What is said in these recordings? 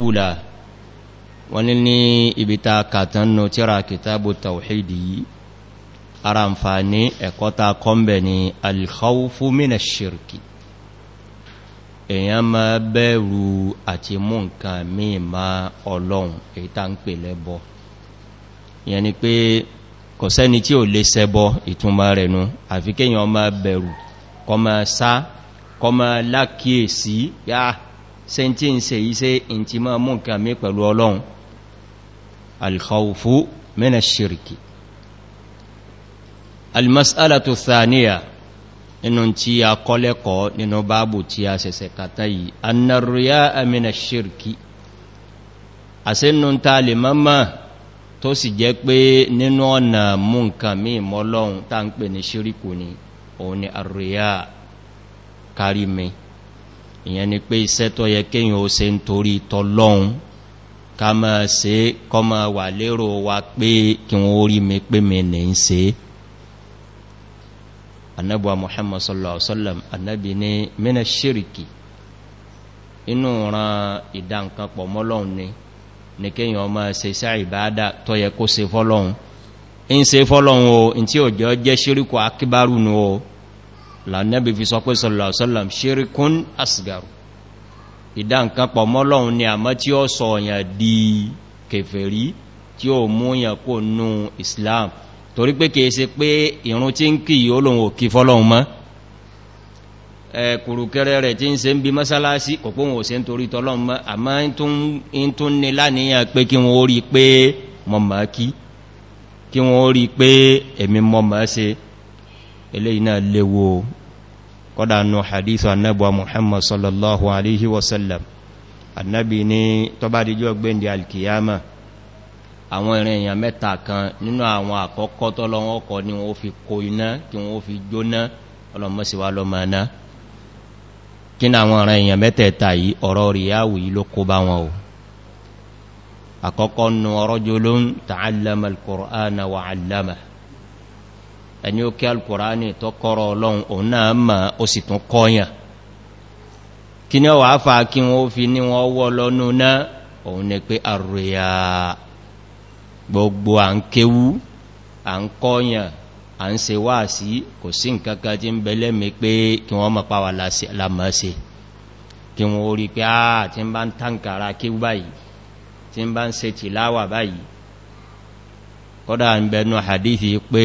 àwọn tí a ibita kàtánù tíra kìtàbù tàwàhìdì yìí ara ń fa ní ẹ̀kọ́ta kọ́mbẹ̀ ni alkhawfu mina shirki èyàn ma bẹ̀rù àti mú nǹkan míì ma ọlọ́run èyí tá ń pè lẹ́bọ ìyẹn ni pé kò sẹ́ni tí ò lè sẹ́bọ ìtumọ̀ rẹ̀ nú àfikẹ́yàn ma bẹ̀rù kọ ma sá kọmọ lákíyèsí yá se tí ń se iṣẹ́ in ti máa mú nǹkan mí pẹ̀lú ọlọ́run alkhawfu mina shirki almas'alatu thaniya nínú tí a kọ́lẹ́kọ́ nínú báàbù tí a sẹ̀sẹ̀ kàtà yìí annarriya amina shirki a sínú ta lè mamma tó sì jẹ́ pé nínú ọ̀nà mú nǹkan mí mọ́lọ́run ta ń pè ní shirku ni òun ni arriya kárí mi ìyẹn ni pé iṣẹ́ tó yẹ kéyàn ó ṣe ń torí tọ́lọ́un ká mọ́ ṣe kọ́ mọ́ wà lérò wa pé kí wọ́n ó mi pé mi ní ń ṣe annabuwa muhammad sallallahu alaihi wasallam annabi ni mina shiriki inú ran ìdá nǹkan pọ̀ mọ́lọ́un ni ní kéyàn ọmọ ṣe iṣẹ́ ìbáadà tó yẹ kó ṣe fọ́lọ́un in ṣe fọ́lọ́un o in tí ò jẹ́ ṣíríkù akíbárù nù o lànẹ́bì fi sọ pé sọ̀lọ̀sọ̀lọ̀ ṣíríkún asgaru ìdá nǹkan pọ̀ mọ́lọ́un ni àmọ́ tí ó sọ ọ̀yàn di kèfèrí tí ó mú yàn kó nú islam torí pé kìí se pé ìrún tí ń kì yíó lòun òkì fọ́lọ́un mọ́ kùrùkẹrẹ rẹ̀ tí ń se ń bí mọ́sálásí kò pé wọn ò se ń eléyìí náà léwo kọ́dá nù hadithu annabuwa muhammad sallallahu alaihi wasallam annabi ni tó bá díjú ọgbẹ́ndì alkiyama àwọn ìrìn èèyàn mẹ́ta kan nínú àwọn àkọ́kọ́ tọ́lọ́wọ́ kọ ni wọ́n fi kó iná kí wọ́n fi jóná ọlọ́mọ́síwá lọ́mọ́ná kí ẹni ó kí alkùránì tó kọ́rọ̀ ọlọ́run òun náà ma ó sì tún kọ́yàn kí ní ọwà áfà kí wọ́n fi ní wọ́n wọ́ lọ́nú náà òun ni pé àrùyà gbogbo à ń kéwú à ń kọ́yàn à ń se wá sí kò sí nkankan tí ń bẹ̀lẹ́ mi pé kí wọ́n mọ̀ páwà lámọ́se kí wọ́n orí pé àà ń bá ń tànkàrà kéwú báyìí tí hadithi pé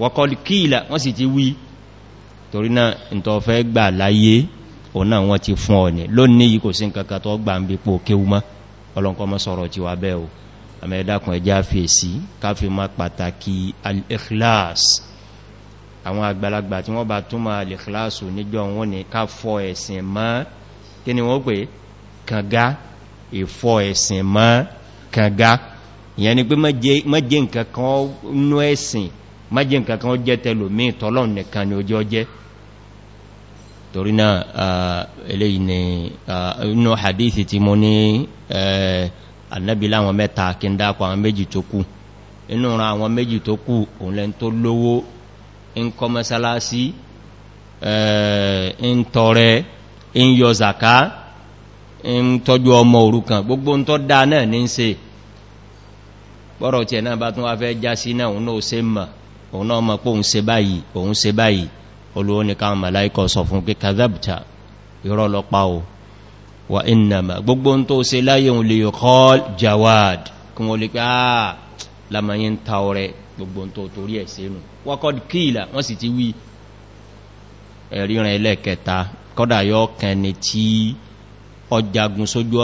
wọ́kọ́lì kíìlà wọ́n sì ti wí torí náà ìntọ̀fẹ́ gbà láyé ọ̀nà wọn ti fún ọ̀nì lónìí kò sí nǹkan tó gbà ń bí pò kéwú mọ́ ọlọ́nkọ́ mọ́ sọ̀rọ̀ ti wà bẹ́ o àmẹ́dàkùn ẹjá fèsì káfí má pàtàkì al-ikhlas àwọn àgbàlagbà tí mọ́ kí nǹkan kan nú ẹ̀sìn májí nǹkan kan ó jẹ́ tẹ́lò mí tọ́lọ́ nìkan ni ojú ọjẹ́ torí náà eléyìí inú hadithi tí mo ní annabi láwọn mẹ́ta kí ń dákọ àwọn méjì tó kù inú ran àwọn méjì tó kù òun lẹ́n tó lówó ń kọ́ mẹ́sálásí ń tọrẹ ń yọ zaka ń tọ́jú ọmọ òrukàn gbogbo ń tọ́ dáa náà ní ń se bọ́rọ̀ tí ẹ̀ náà bá tún wá fẹ́ já náà náà ó se mọ̀ òun náà mọ̀ pé òun se báyìí òun se báyìí olówó ní káwọn màláìkọ sọ fún pé kazabta irọ́ lọ́pá o wà innama gbogbo tó se láyé òun lè kọ́ jawad kí wọ́n lè pé àà lamayi ń ta ọrẹ gbogbo tó torí ẹ̀ sínú wọ́kọ́d kíìlà wọ́n sì ti wí ẹ̀ríran ẹlẹ́kẹta kọ́dà yọ kẹni tí ọjagun sójú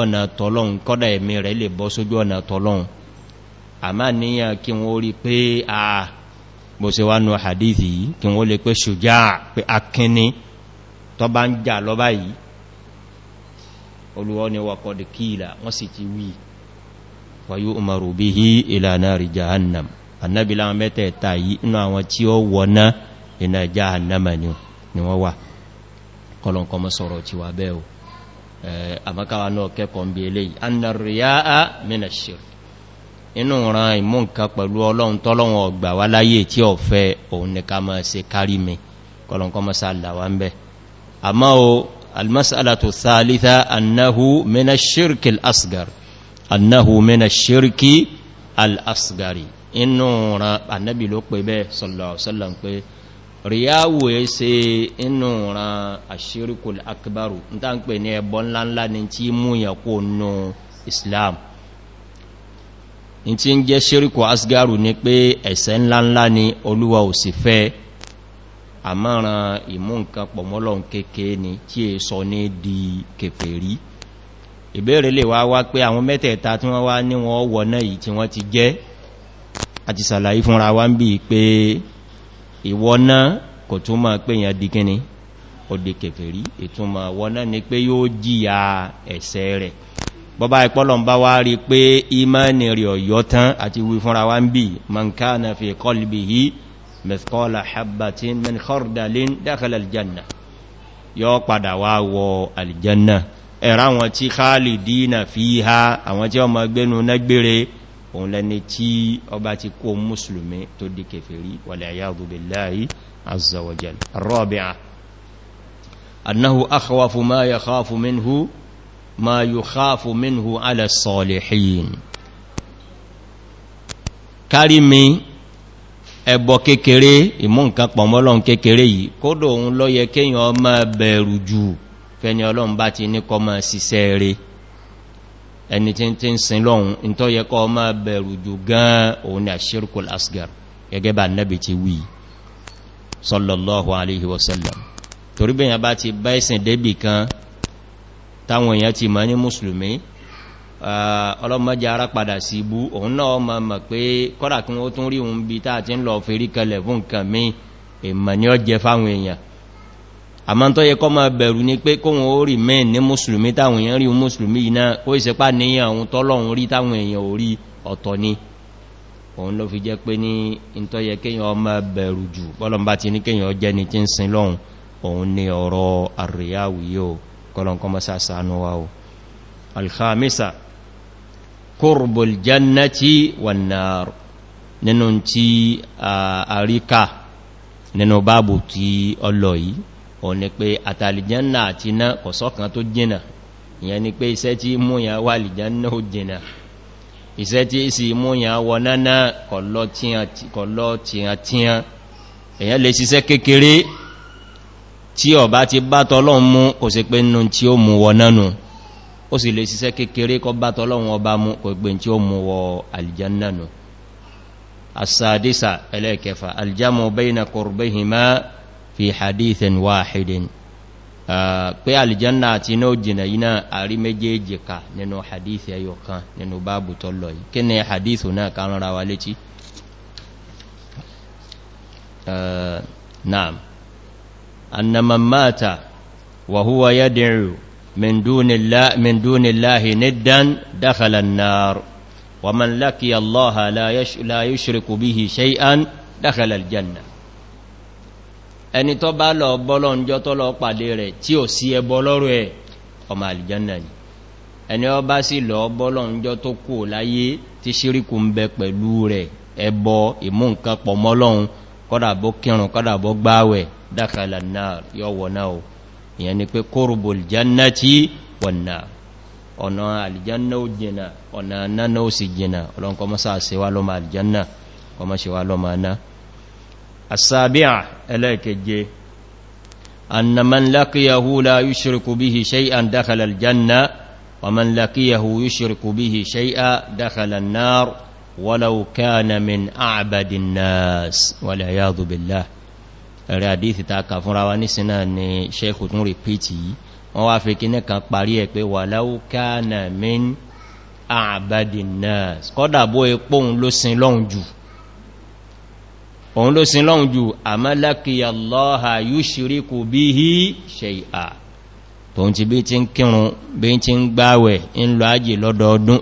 àmá níyàn kí wọ́n rí pé àà bó se wá nù hadithi yìí kí wọ́n lè pé ṣùjá pé akínní tó bá ń jà lọ́bá yìí olúwọ́ ni wakọ̀dì kíìlà wọ́n sì ti wí wáyú umaru bí i ìlànà rí jahannam annabila mẹ́tẹ̀ẹ̀ta yìí inú àwọn tí ó wọ́ná iná jahannama ni wọ́n wà kọlọ̀nkọ́ mọ́ sọ̀rọ̀ tí wà bẹ́ẹ̀ o àmọ́káwà náà kẹ́kọ̀ọ́ bí eléyìí inú ran ìmú nǹkan pẹ̀lú ọlọ́run tọ́lọ́run ọgbà wá láyé tí ọ fẹ́ òun ní ká máa se kárí mi kọlọ̀nkọ́ masá àlàwà ń bẹ̀ àmá o almasalatu thalitha annahu mina shirki al'asgar annahu mina shirki al'asgari inú ran annabi ló pé bẹ́ sọ̀lọ̀sọ̀lọ̀ in ti ń jẹ́ ṣíríkù asgaru ni pé ẹ̀ṣẹ̀ ńláńlá ni olúwa ò sì fẹ́ àmọ́ràn ìmú nǹkan pọ̀mọ́lọ̀n kéèké ni tí è sọ ní di kèfèrí ìbéèrè lè wá wá pé àwọn mẹ́tẹ̀ẹ̀ta tí wọ́n wá ní wọ́n wọ̀ná yìí tí wọ́n ti jẹ́ àti sàlàyé fúnra wá ń bí pé ìwọ́ná kò tún máa pé yàn di ó di kèfèrí ìtúnmà wọ́ná ni pé yóò jìyà ẹ̀ṣẹ̀ rẹ̀ bọ́bá ìpọ́lọ̀ ń bá wá rí pé ìmánì rí ọ̀yọ́ tán àti wí fúnra wá ń bí mọ̀nká na fi kọlùbì yí mẹ́sìkọ́lá habbatin min khordalin dákàlà aljanna yọ padà wá wọ aljanna ẹ̀rá wọn tí káàlì dínà fi ha àwọn tí ọmọ gbénu nágbére òun lẹni tí ọba ti kó mùsùlùmí minhu ma yukhafu minhu ala salihin kárí mi ẹbọ kékeré ìmú nǹkan pọ̀mọ́lọ́n kékeré yìí kódò òun lọ yẹ kéyàn ọmọ bẹ̀rù jù fẹ́ni ọlọ́run bá ti ní kọ́ mọ́ síṣẹ́ rẹ̀ ẹni tí tí ń sin lọ́hun in tó yẹ kọ́ ọmọ bẹ̀rù jù gan òun ni àṣírkùl táwọn èèyàn ti mọ̀ ní mùsùlùmí ọlọ́mọjá ara padà sí ibú òun náà ma mọ̀ pé kọ́dà kí wọ́n tún rí òun bí táà ti ń lọ fèrí kalẹ̀ fún nǹkan mí èmà ní ọjẹ́ fáwọn èèyàn àmọ́ tó yẹ kọ́ ma bẹ̀rù ni pé kóhun ó rí mẹ́rin ní mùsùlùmí táwọn èèyàn rí mùsùlùmí iná ó ìsẹ́pá ni òun ló fi jẹ́ pé ní ìntọ́yẹ kéyàn ọmọ bẹ̀rù jù bọ́lọ̀mbá ti ní kéyàn kọlọ̀nkọ́ masá sánú wa o alhamisa kurbul jannati wannar nínú tí àríkà nínú báàbù tí ọlọ̀ yìí o ni pé àtàlìjánà àti iná kọ̀sọ́kan tó jìnà ìyẹn ni pé iṣẹ́ tí múyà wà lìjánà ó jìnà iṣẹ́ tí isi múyà wọnáná kọ̀lọ́ tíyàn tíyàn èyàn lè ṣiṣẹ́ kékeré tí ọ̀bá ti bá tọ́lọ́un mú kò sí pé nínú tí ó mú wọ nánú ó sì lè ṣiṣẹ́ kékeré kọ bá tọ́lọ́un ọba mú kò pé tí ó mú wọ aljannánu asadisa ẹlẹ́kẹfà aljamu bayna qurbihima fi hadithin wahidin pé aljanna àti iná òjìnà iná àrí méjèèjì ka nínú hadith ẹyọ kan nínú báàbù tọ́lọ naam أن من مات وهو يدعو من دون الله, من دون الله ندا دخل النار ومن لقي الله لا, يش لا يشرك به شيئا دخل الجنة ẹni tó bá lọ bọ́lọ́ ń jọ tó lọ pàdé rẹ̀ tí ò sí ẹbọ lọ́rọ̀ ẹ̀ ọmọ àlìjánà ni ẹni ọ bá sì lọ bọ́lọ́ ń jọ tó kú láyé tí ṣíríkù ń bẹ pẹ̀lú rẹ̀ ẹbọ ìmú nǹkan pọ̀ mọ́lọ́un kọ́dàbọ́ kírùn kọ́dàbọ́ gbáwẹ̀ dákàlà náà yọ wọ̀ náà o ìyẹn ni pé kórbùl jannati wan nar ọ̀nà aljanna ó jìnà ọ̀nà náà ó sì jìnà ọlọ́nkọ́ mọ́sá àṣíwá lọ́mà aljanna kọmọ́ ṣíwá lọ́mà náà asábíà ẹlẹ́keje anna man laqiyahu la yushriku bihi shay'an dakhala aljanna wa man laqiyahu yushriku bihi shay'an dakhala an-nar min a'badi nas wal a'yadu ẹ̀rẹ̀ àdífì ta kà wa ní sínà ni sẹ́kù tún rìpítì yìí wọ́n wá fi kí nẹ́kan parí ẹ̀ pé wà láúká na min àbádì náà kọ́dà bó epo òun ló sin lọ́hun jù òun ló sin lọ́hun jù àmọ́lákìyàlọ́ha yú ṣiríkù bí i ṣe à tóun ti bí ti ń kírun bí ti ń gbáwẹ̀ ń lọ ájì lọ́dọọdún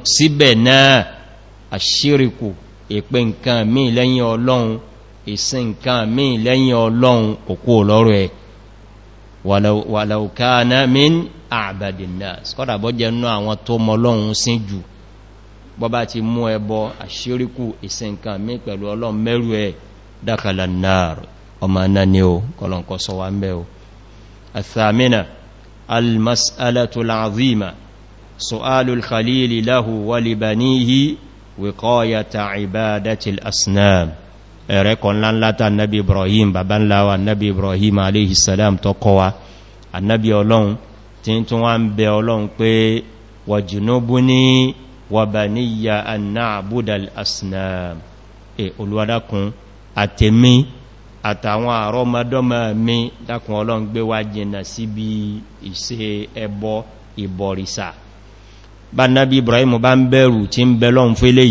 ìsìn nǹkan míì lẹ́yìn ọlọ́run òkú olọ́rọ̀ ẹ̀ walau kana min a'badinnas kọ́dà bọ́ jẹ́ nú àwọn tó mọ́lọ́run sín jù bọ́bá ti mú ẹbọ àṣíríkù ìsìn nǹkan míì pẹ̀lú ọlọ́run mẹ́rù ẹ̀ dakhala an al-mas'alatu ẹ̀rẹ́kọ̀ ńláńlá ta annabi ibrahim bàbá ńláwà annabi ibrahim aléhìsàlám tó kọwa annabi ọlọ́run tí tún wá ń bẹ ọlọ́run pé wàjínúbú ní wàbàníyà annáàbúdàl asnam e olúwadákun àtèmi àtàwọn àrọmọdọ́mọ mi dákun ọlọ́run gbé wá jìnà síbi ìse ẹbọ ìbọ̀rìsà ibrahim bá ń bẹ̀rù tí ń bẹ lọ́n fẹ́lẹ̀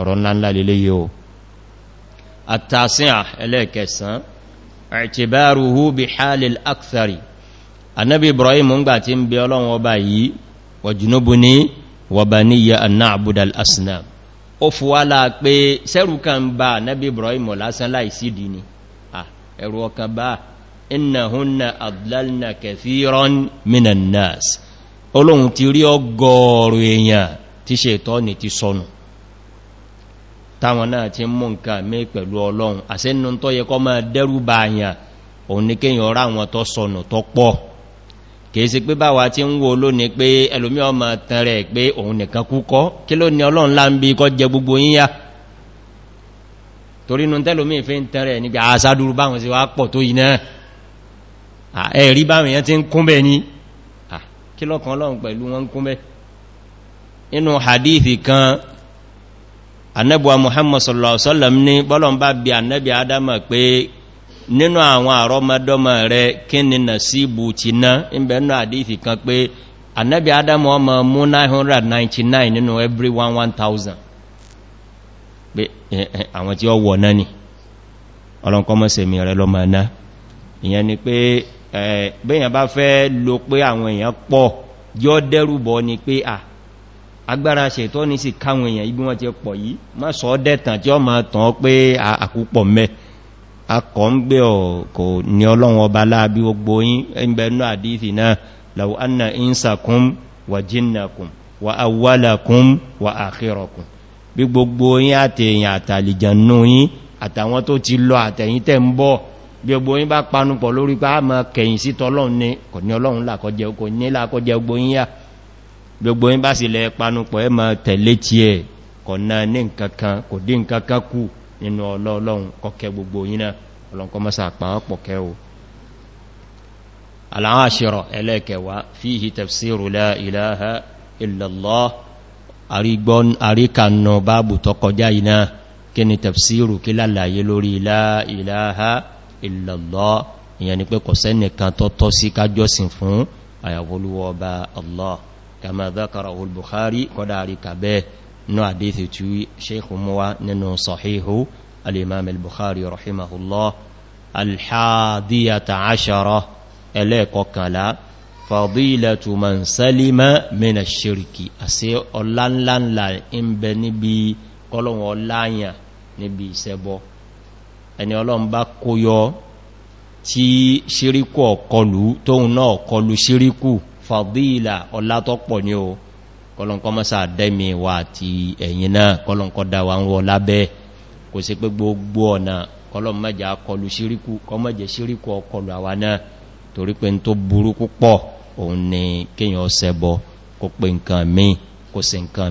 ọ̀rọ̀ ńláńlá lè léyìí o àtàsíà ẹlẹ́ẹ̀kẹsàn i'tibaruhu bi halil akthari annabi ibrahim ń gbà tí ń bí ọlọ́run ọba yìí wa junubuni wa baniya an na'budu al-asnam ó fúwálá pé sẹ́rù kan bá annabi ibrahim minan nas ọlọ́run ti rí ọgọ́rù èèyàn tí ṣe ìtọ́ni ti sọnù táwọn náà ti mú nǹkan mé pẹ̀lú ọlọ́run àṣẹ́nu tó yẹ kọ́ máa dẹ́rù bá àyàn òun ní kíyàn ọ̀rá àwọn tó sọnù tó pọ̀ kìí sí pé báwa tí ń wo ló ní pé ẹlòmí ọmọ tán rẹ̀ pé òun nìkan kúkọ́ kí ló ní ọlọ́run lá hadithi kan annabuwa muhammad sallallahu alaihi ni bọ́lọ̀n bá bí annabi adama pé nínú àwọn àrọmọdọ́mọ rẹ̀ kí ni nà sí ibù ti ná ìbẹ̀nà àdífì kan pé annabi adama ọmọ mú 999 nínú every 1000 pé àwọn tí ó wọ̀ náà ni ọlọ́nkọ́mọ́ sẹ̀mì rẹ̀ lọ́mọ náà ìyẹn ni pé bẹ́yàn bá fẹ́ lo pé àwọn èèyàn pọ̀ yọ́ dẹ́rùbọ̀ ni agbára ṣètọ́ ní sí káwọn èèyàn ibi wọ́n ti pọ̀ yìí má sọ dẹ́tàn tí ó ma tàn pé àkúpọ̀ mẹ́ akọ̀ ń gbé ọ̀kọ̀ ní ọlọ́run ọba láàbí gbogbo yín ẹgbẹ̀nú bí gbogbo yín bá panupọ̀ lórí pé a máa kẹ̀yìn sí tọ́lọ́run ní ọlọ́run làkọjẹ́ gbogbo yín gbogbo yín bá sì lẹ panupọ̀ ẹ ma tẹ̀lé tí ẹ kọ̀nà ní nkankan kò dí nkankan kú nínú ọlọ́ọ̀lọ́run kọkẹ gbogbo yín náà ọlọ́nkọ́ mọ́sá àpáwọ́pọ̀ kẹ́ o aláwọ̀ṣẹ́rọ̀ ẹlẹ́kẹwà fíhì tafsiru la olúwọ́ ọba allah kama dhakarahu al-bukhari kọ́dá rí kàbẹ́ ní àdíthì tí sheikh muwa nínú sahihu al-imam al-bukhari rahimahullah al-hadiyata ashara ẹlẹ́kọ̀kànlá fadilatu man salima min ash-shirki àṣí ọlánlánlá ń bẹ níbi kọlọ̀wọ̀ láyà níbi ìṣẹbọ ẹni ọlọ́run bá kó tí ṣíríkù ọ̀kọlù tóun náà kọlù ṣíríkù fàdílà ọlátọ́pọ̀ ní o kọlọ̀nkọ́ mọ́sá dẹ́mi wà àti ẹ̀yìn náà kọlọ̀nkọ́ dáwà ń rọ lábẹ́ kò sí pé gbogbo ọ̀nà kọlọ̀n mẹ́jà kọlù síríkù kọmọ́jẹ síríkù ọkọlù àwà náà torí pé tó burú púpọ̀ òun ni kíyàn ọsẹbọ kó pé nǹkan míì kó sì nǹkan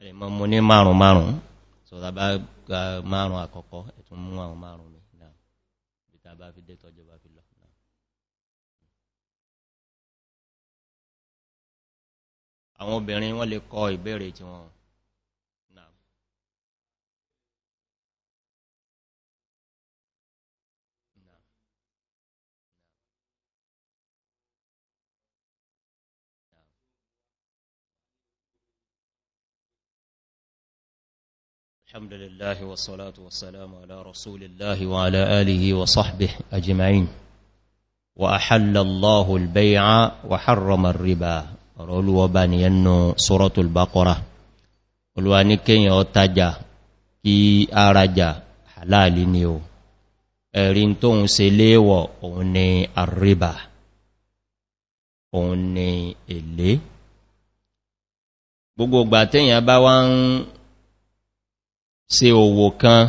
ẹ̀rẹ̀ mọ́ mú ní márùn márùn so tàbá gba márùn àkọ́kọ́ ẹ̀tún mú àwọn márùn mi náà bí tàbá fi dé tọ́jọ bá fi lọ àwọn obìnrin wọ́n lè kọ ìbéèrè tí wọ́n الحمد لله والصلاة والسلام على رسول الله وعلى آله وصحبه أجمعين وأحل الله البيع وحرم الربا رولو وباني أنه سورة البقرة والوانيك ọtajà كي arajà halali ni o ẹ̀rin tó ń se léèwọ̀ òun ni àríbà òun se òwò kan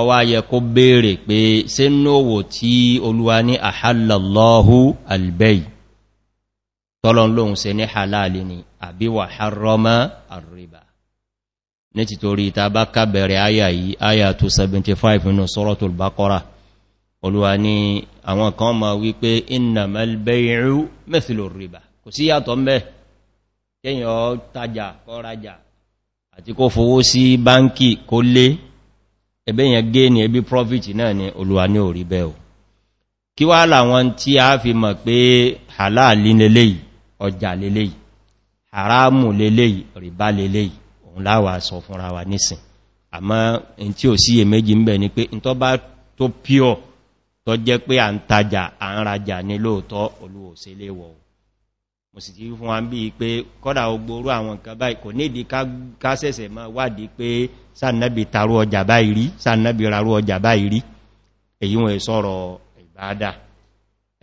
ọwá yẹ kó bèèrè pé se nóòwò tí olúwa ní àhàlàlọ́hù albẹ́yì tọ́lọ́n lóhun se ní halali ni àbí wà harọ́mọ́ àríbà ní títorí ta bá kábẹ̀rẹ̀ àyà yìí àyà 275 nínú sọ́rọ̀tùl bakọ́ra olúwa ní àwọn kan ma wípé iná mẹ́lbẹ̀ẹ́rù mẹ́ àti kó fowó sí báńkì kó lé ẹ̀bẹ́ yẹn gé ní ẹbí profit náà ni olùwà ní orí bẹ́ o kí wá láwọn tí a fi mọ̀ pé halali lélẹ́yìí ọjà lélẹ́yìí haramu lélẹ́yìí rìbá lélẹ́yìí òun láwà sọ fúnra wa nísìn àmọ́ in tí ò sí è méjì ń bẹ̀ ni pé in tó bá tó pure tó jẹ́ pé à ń tajà à ń rajà ní lóòtọ́ olùwòsẹ́lẹ́wọ̀ọ́ mo sì ti fún wa ń bí i pé kọ́dà ogboro àwọn nǹkan báyìí kò nídi ká sẹ̀sẹ̀ ma wádìí pé sànàbí tarú ọjà báyìí rí sànàbí rarú ọjà báyìí rí èyí wọn sọ́rọ̀ ìbádá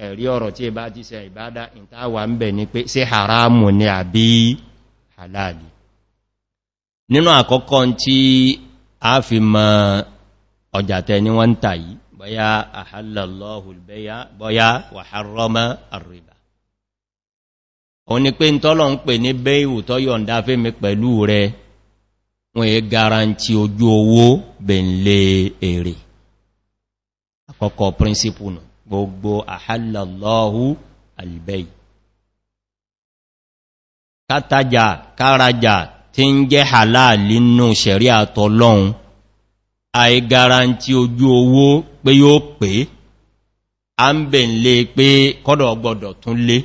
ẹ̀rí ọ̀rọ̀ tí ìbá ti sẹ ìbádá ìtawà ń bẹ̀ ni pé sí haramu ni àbí halali nínú àkọ́kọ́ tí a fi mọ ọjà tẹ ni wọ́n ń tà yìí bọ́yá àhàlọ́lọ́hùl bọ́yá wàhárọ́mọ́ àrìbà òun ni pé ń tọ́lọ̀ ń pè ní bẹ́ìwù tọ́ yọ̀nda fẹ́mi pẹ̀lú rẹ wọ́n yẹ garanti ojú owó bẹ̀ǹlẹ̀ èrè àkọ́kọ́ príncipù nù gbogbo àhálàlọ́hù albẹ́ì kátàjà kárajà tí ń jẹ́ halali nù sẹ̀rí àtọ́lọ́hun àì garanti ojú owó pé yóò pé a ń bẹ̀ǹlẹ̀ pé kọ́dọ̀ gbọdọ̀ tún lé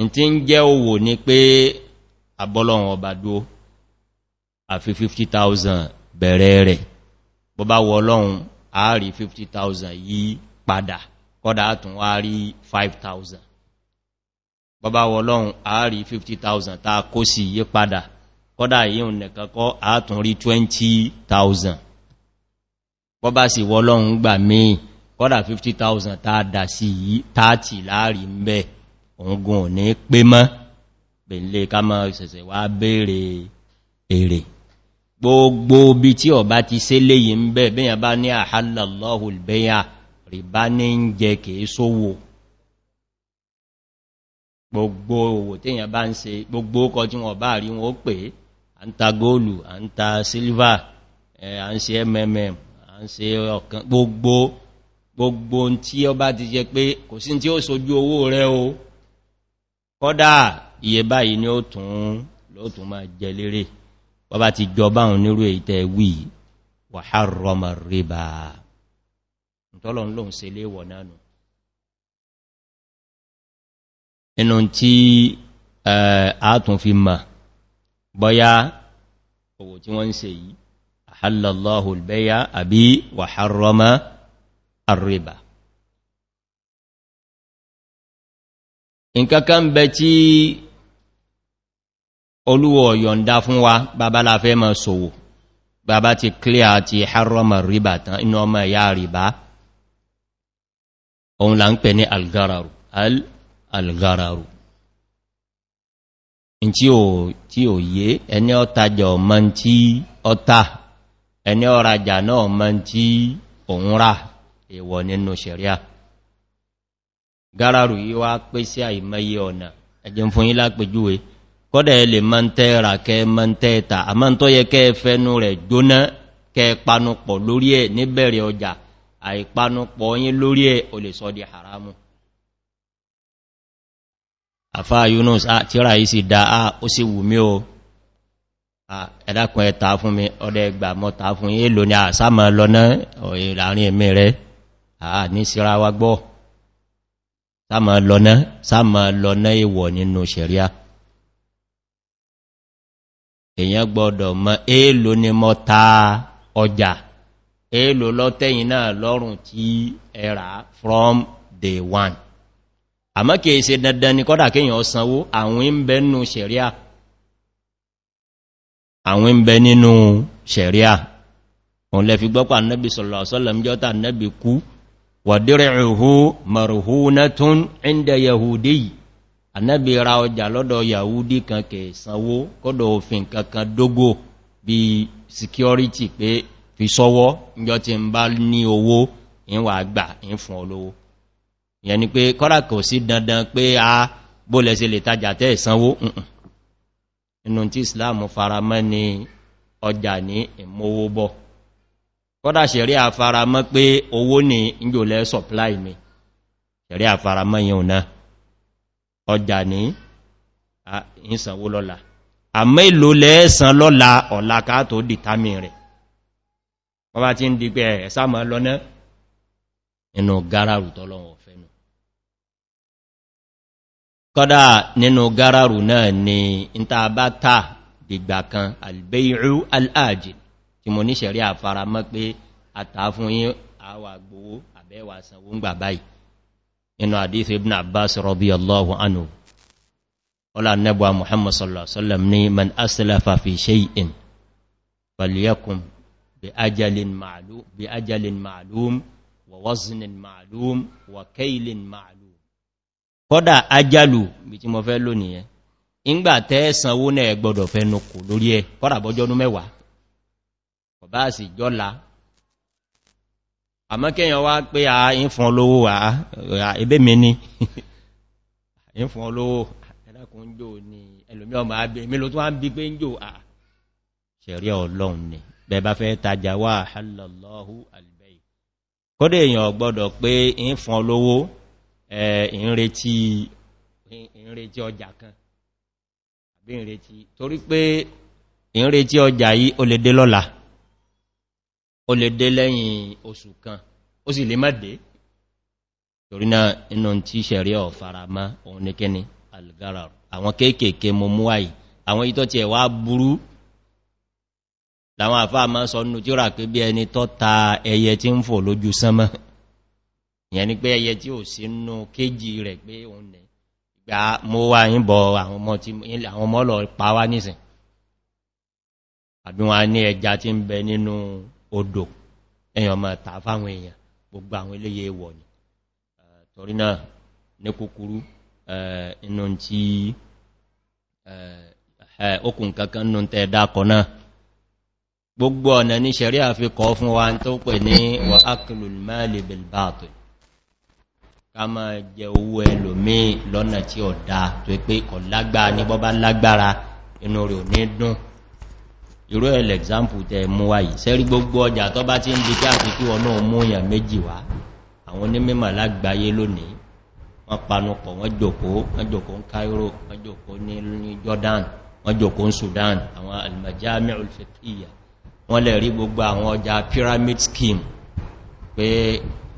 in ti ń jẹ́ owó ní pé àbọ́lọ́run ọba dúó àfi 50,000 bẹ̀rẹ̀ rẹ̀ bọ́ bá wọ ọlọ́run àárí 50,000 yí padà kọ́dá tún wá rí 5,000 bọ́ bá wọ ọlọ́run àárí 50,000 tàà kó sì yí padà kọ́dá yíò nẹ̀kankọ́ àátún rí 20,000 bọ́ bá sì wọ ọlọ́run gbà míì kọ́dá 50,000 tàà dà sí yí 30 láàrí mẹ́ẹ̀ òǹgùn ò ní pé mọ́ bèèlè ká mọ́ ìsẹ̀sẹ̀ wá bèèrè èrè gbogbo bí tí ọba ti sé léyìn ń bẹ́ bẹ́yàn bá ní àhálàlọ́hù bẹ́yà rí bá ní ń jẹ kìí sówò gbogbo owó ọkọ̀ tí wọ́n bá rí wọ́n pè à ń ta góòlù à ń ta sílvà à ń se mmm à ń se ọ̀kan gbogbo gbogbo tí ọba ti jẹ pé kò sí tí ó sojú owó rẹ o kọ́dá iye báyìí ni ó tún lóòtún máa jẹ lérè bọ́bá ti jọba òun nírú èyí tẹ́ wí wàhárọmà rìbà tọ́lọ̀ ń lóun se léwọ̀ nánú inú tí àátún fi mà bọ́yá owó tí wọ́n ń se yìí àhàlọ́lọ́hùlbẹ́yà àbí wàhárọmà rìbà nkankan ń bẹ tí olúwọ̀ yọ̀nda fún wa bàbá la fẹ́ mọ́ sòwò bàbá ti clear ti harrama riba tán inú ọmọ ìyá riba ohun la ń pẹ ní algararu algararu in tí ò yé ẹni ọtajà ọmọ tí ọta ẹni ọrajà náà ọmọ tí òun rà èwọ̀ nínú sẹ̀ríà gáràrù yí wá pé sí àìmẹ́yẹ ọ̀nà ẹjẹun ra yín lápẹjúwe kọ́dẹ̀ ilẹ̀ mọ́ntẹ́ rà kẹ mọ́ntẹ́ ẹ̀ta a mọ́ tó yẹ kẹ fẹ́nu rẹ̀ gbóná kẹ panupọ̀ lórí ẹ̀ níbẹ̀rẹ̀ ọjà àìpanupọ̀ yín lórí ẹ̀ o lè sọ di haramu àfá yunus a tíra yìí sì dá a ó sì wù mí o ẹ̀dàkùn ẹ̀ta fún mi ọdẹ́ ẹgbà mọ́ta fún yí lónìí àsámọ́ lọ́nà ọ̀yẹ̀ láàrin ẹ̀mẹ́ rẹ̀ a ní síra wa gbọ́ sáàmà lọ́nà sáàmà lọ́nà ìwọ̀ nínú ṣẹ̀ríà èyàn gbọ́dọ̀ mọ́ èèlò ni mọ́ ta ọjà èèlò lọ́tẹ́yìn náà lọ́rùn tí ẹ̀rà from day one àmọ́ kìí ṣe dandan ni kọ́dà kíyàn sanwó àwọn ìbẹ̀ nínú ṣẹ̀ríà àwọn ìbẹ̀ nínú ṣẹ̀ríà òun lẹ́fi gbọ́pàá nẹ́bì sọ̀lọ̀ sọ́lọ̀ mjọ́ta nẹ́bì kú wàdírẹ̀hù marhunatun inda yahudi annabi ra ọjà lọ́dọ̀ yahudi kan kẹ sanwó kọ́dọ̀ òfin kankan dogo bí security pé fi sọwọ́ njọ ti ń bá ní owó ìwà àgbà ń fún olówó yẹn ni pé kọ́rà dandan pé a bólẹ̀ sí lè tajà tẹ́ ìsanwó islam ọjà kọ́dá ṣẹ̀rí àfaramọ́ pé owó ní ìjòlẹ̀ supply mi ṣẹ̀rí àfaramọ́ yíò náà ọjà ní ìsanwó lọ́la àmọ́ ìlò lẹ́ẹ̀sàn lọ́la ọ̀la ká tó dìtàmì rẹ̀ wọ́n bá ti ń di pé ẹ̀sàmọ́ lọ́nà inú gáràrù tọ́lọ́wọ́ fẹ́nu tí mo ní ṣẹ̀rí àfaramọ́ pé àtàfún yí àwà gbówó àbẹ́wà sanwó ń gbà báyìí nínú àdíth ibn abbas rọ̀bí allahu anu ọlá nẹ́bà muhammad sallallahu alaihi wasallam ni man asìlafa fi ṣe'in falyakun bi ajalin ma'alum wa wazinin ma'alum wa kailin ma'alum kọ́dà ajalu bí tí mo fẹ́ lónìí ẹ ìgbà tẹ́ náà gbọdọ̀ fẹ́ nukù lórí ẹ kọ́dà bọ́jọ́nú mẹ́wàá ọ̀bá sì jọ́la àmọ́ kíyàn wá pé a ń fún olówó à ebé mi ní ń fún olówó ẹ̀lákùn jò ní ẹlòmí ọmọ abẹ́ mélòó tó wá ń bí pé ń jò à ṣẹ̀rí ọlọ́run ni bẹ̀bá fẹ́ tajà wà hallọ́lọ́hu albẹ́ì yìí o lè dé lẹ́yìn oṣù kan ó sì lè mọ́dé torí náà inú tí ṣẹ̀rí ọ̀farama òun ní kíni algara àwọn kéèkèé mo mú àì àwọn ìtọ́ ti ẹ̀wà burú láwọn àfáà máa sọ nù tí ó rà pé bí ẹni tọ́ ta ẹyẹ tí ń fò lójú sánmà ìyẹn ni pé ẹyẹ tí ò sí nú kéjì rẹ̀ pé òun nẹ̀ gbà mo wá yínbọ̀ àwọn ọmọ lọ pa wá nísìn àbí wọn ní ẹja tí ń bẹ nínú odò èyàn ma tàà fáwọn èèyàn gbogbo àwọn iléyẹ ìwọ̀ ni torí náà ní kúkúrú inú tí okùn kankan nù tẹ́ dákọ̀ náà gbogbo ọ̀nà ní ṣẹ̀rí àfikọ́ fún wa tó pè ní wa akìlùl máàlì bilbato ká ma jẹ owó ẹlòmí lọ́nà tí ọ̀dá tó pé kọ̀ lágbára ní bọ́bá lagbara, inú rẹ̀ ò ní dùn irú ẹ̀lẹ̀ example tẹ mú wáyì sẹ́rí gbogbo ọjà tó bá ti ń bí káàkiri kí wọ́n náà mú èèyàn méjì wá àwọn onímẹ́mà lágbàáyé lónìí wọ́n panupọ̀ wọ́n jòkó wọ́n jòkó ń cairo wọ́n jòkó ní jordan wọ́n jòkó ń sudan àwọn almajami olfekiya wọ́n lè rí pyramid scheme pé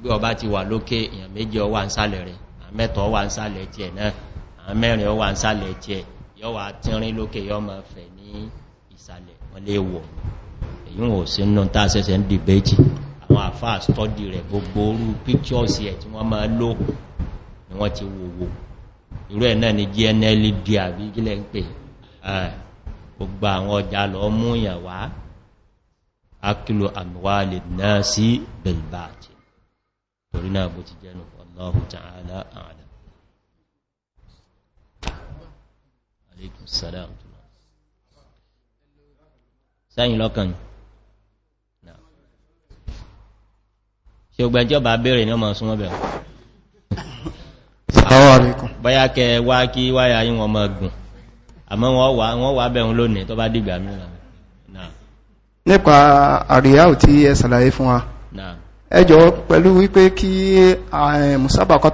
bí ti wà lókè èèyàn méjì ọwà ń sálẹ̀ rẹ̀ àmẹ́tọ̀ ọwà ń sálẹ̀ tiẹ̀ náà àmẹ́rin ọwà ń sálẹ̀ tiẹ̀ yọ́wà tínrín lókè ìsàlẹ̀ wọ́n lè wọ̀ èyí wọ́n sí nù tá sẹ́sẹ̀ ń dìbẹ́jì àwọn àfá stọ́dì rẹ̀ gbogbo orú píkíọ́sì ẹ̀ tí wọ́n máa lò ní wọ́n ti wòwò irú ẹ̀ náà ni gnl di àbí gílẹ̀ ń pè gbogbo àwọn ọjà lọ mú yàn wá akílò àmìwálè náà sí belbati torí náà bó ti jẹ́nu allahu ta'ala àdá alaikum salam sẹ́yìn lọ́kàn ṣe ògbẹ̀ jọba bèèrè ní ọmọ súnmọ́ bẹ̀rẹ̀ bọ́yá kẹ wá kí wáyà yí wọn mọ́gùn àmọ́ wọ́n wà bẹ̀rún lónìí tó bá dìgbà mìíràn nípa àríyáwò tí ẹ wa ẹjọ́ pẹ̀lú wípé kí musábàkọ́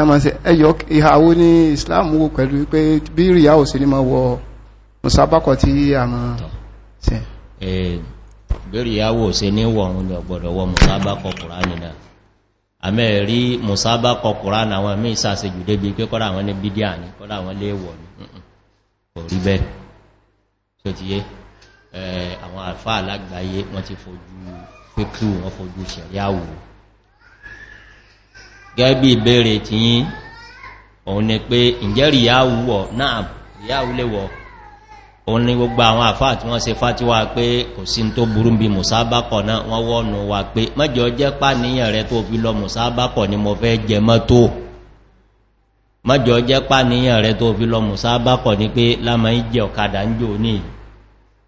a máa ṣe ẹyọ ìhàwó ní islam wó pẹ̀lú pé bí ríyàwó sí ní ma wọ musabakọ̀ tí a máa bẹ̀rẹ̀ eh, ìyàwó se ní wọ̀n ní ọgbọ̀dọ̀ wọ musaba kọkùránì náà àmẹ́ rí musaba kọkùránì àwọn mí ìsáse jù débi pé kọ́dá àwọn ní bídíà ní àwọn ní tó ti fojú wọ́n fojú òun ni gbogbo àwọn àfáà tí wọ́n se fátíwá pé kò sí tó burú bí mùsábákọ̀ náà wọ́n wọ́nu wa pé mẹ́jọ jẹ́ pà níyàn rẹ tó fi lọ mùsábákọ̀ ni mo fẹ́ jẹ mọ́tò mẹ́jọ jẹ́ pà níyàn rẹ tó fi lọ mùsábákọ̀ ni pé lámà ń jẹ ọ̀kadà ń jò ní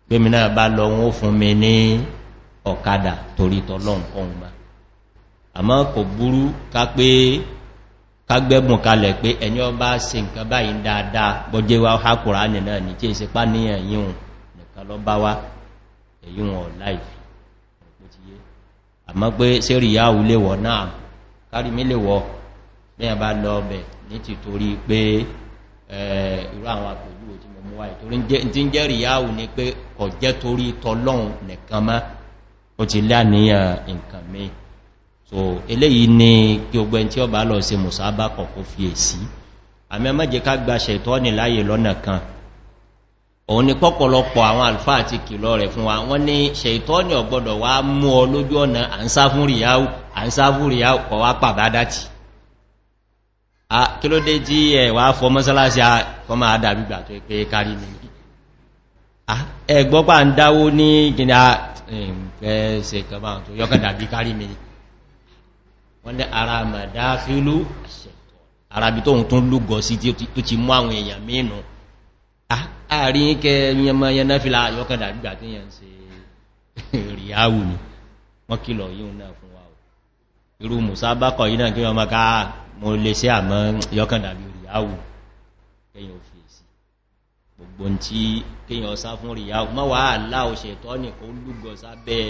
gbémináà bá lọ wọn ó fún mi ní ọ̀kadà torítọ́ lọ́nkọ́ kagbẹ́bùn kalẹ̀ pé ẹni ọba ṣe nǹkan báyìí dáadáa bọ́jẹ́ wa hákùnrà ní náà ní tí è sípá ní ẹ̀yìn nìkan lọ bá wá èyí wọn láìfì àmọ́ pé sẹ́rì yáwù lè mi lè wọ, mẹ́yàn bá lọ awọn so eléyìí ni kí ogbẹ́ tí ó bá lọ sí musaba kọ̀kọ́ fi èsí àmì ẹmọ́jẹ́ ká gba ṣẹ̀tọ́ ní láyé lọ́nà kan òun ni pọ́pọ̀lọpọ̀ àwọn alfa àti kìlọ rẹ̀ fún wa wọ́n ní ṣẹ̀tọ́ ní ọgbọ́dọ̀ wá mú ọ lójú ọ̀nà àǹsá fún ríyáwó àǹsá fún ríyáwó kọ̀ wá pàbádátì kí ló dé tí ẹ wà fọ mọ́sálásí kọ máa dàbí gbà tó pé bá ń tó wọ́n ní ara màdáfílú àràbí tóhun tó ń lúgọ sí tó ti mú àwọn èèyàn mínú àárín kẹ yẹmọ yẹnà fílà yọkàdà gbà tí yẹn se ríáwù ni wọ́n kìlọ̀ yíò náà fún wa irú musábákọ̀ yí náà kí wọ́n maka ah, mo lè sí àmọ́ yọkàdà bí ríáwù kẹyàn ò fèsì gbogbo tí kẹyàn sá fún ríáwù mọ́ wà láò nìkan lúgọ sábẹ́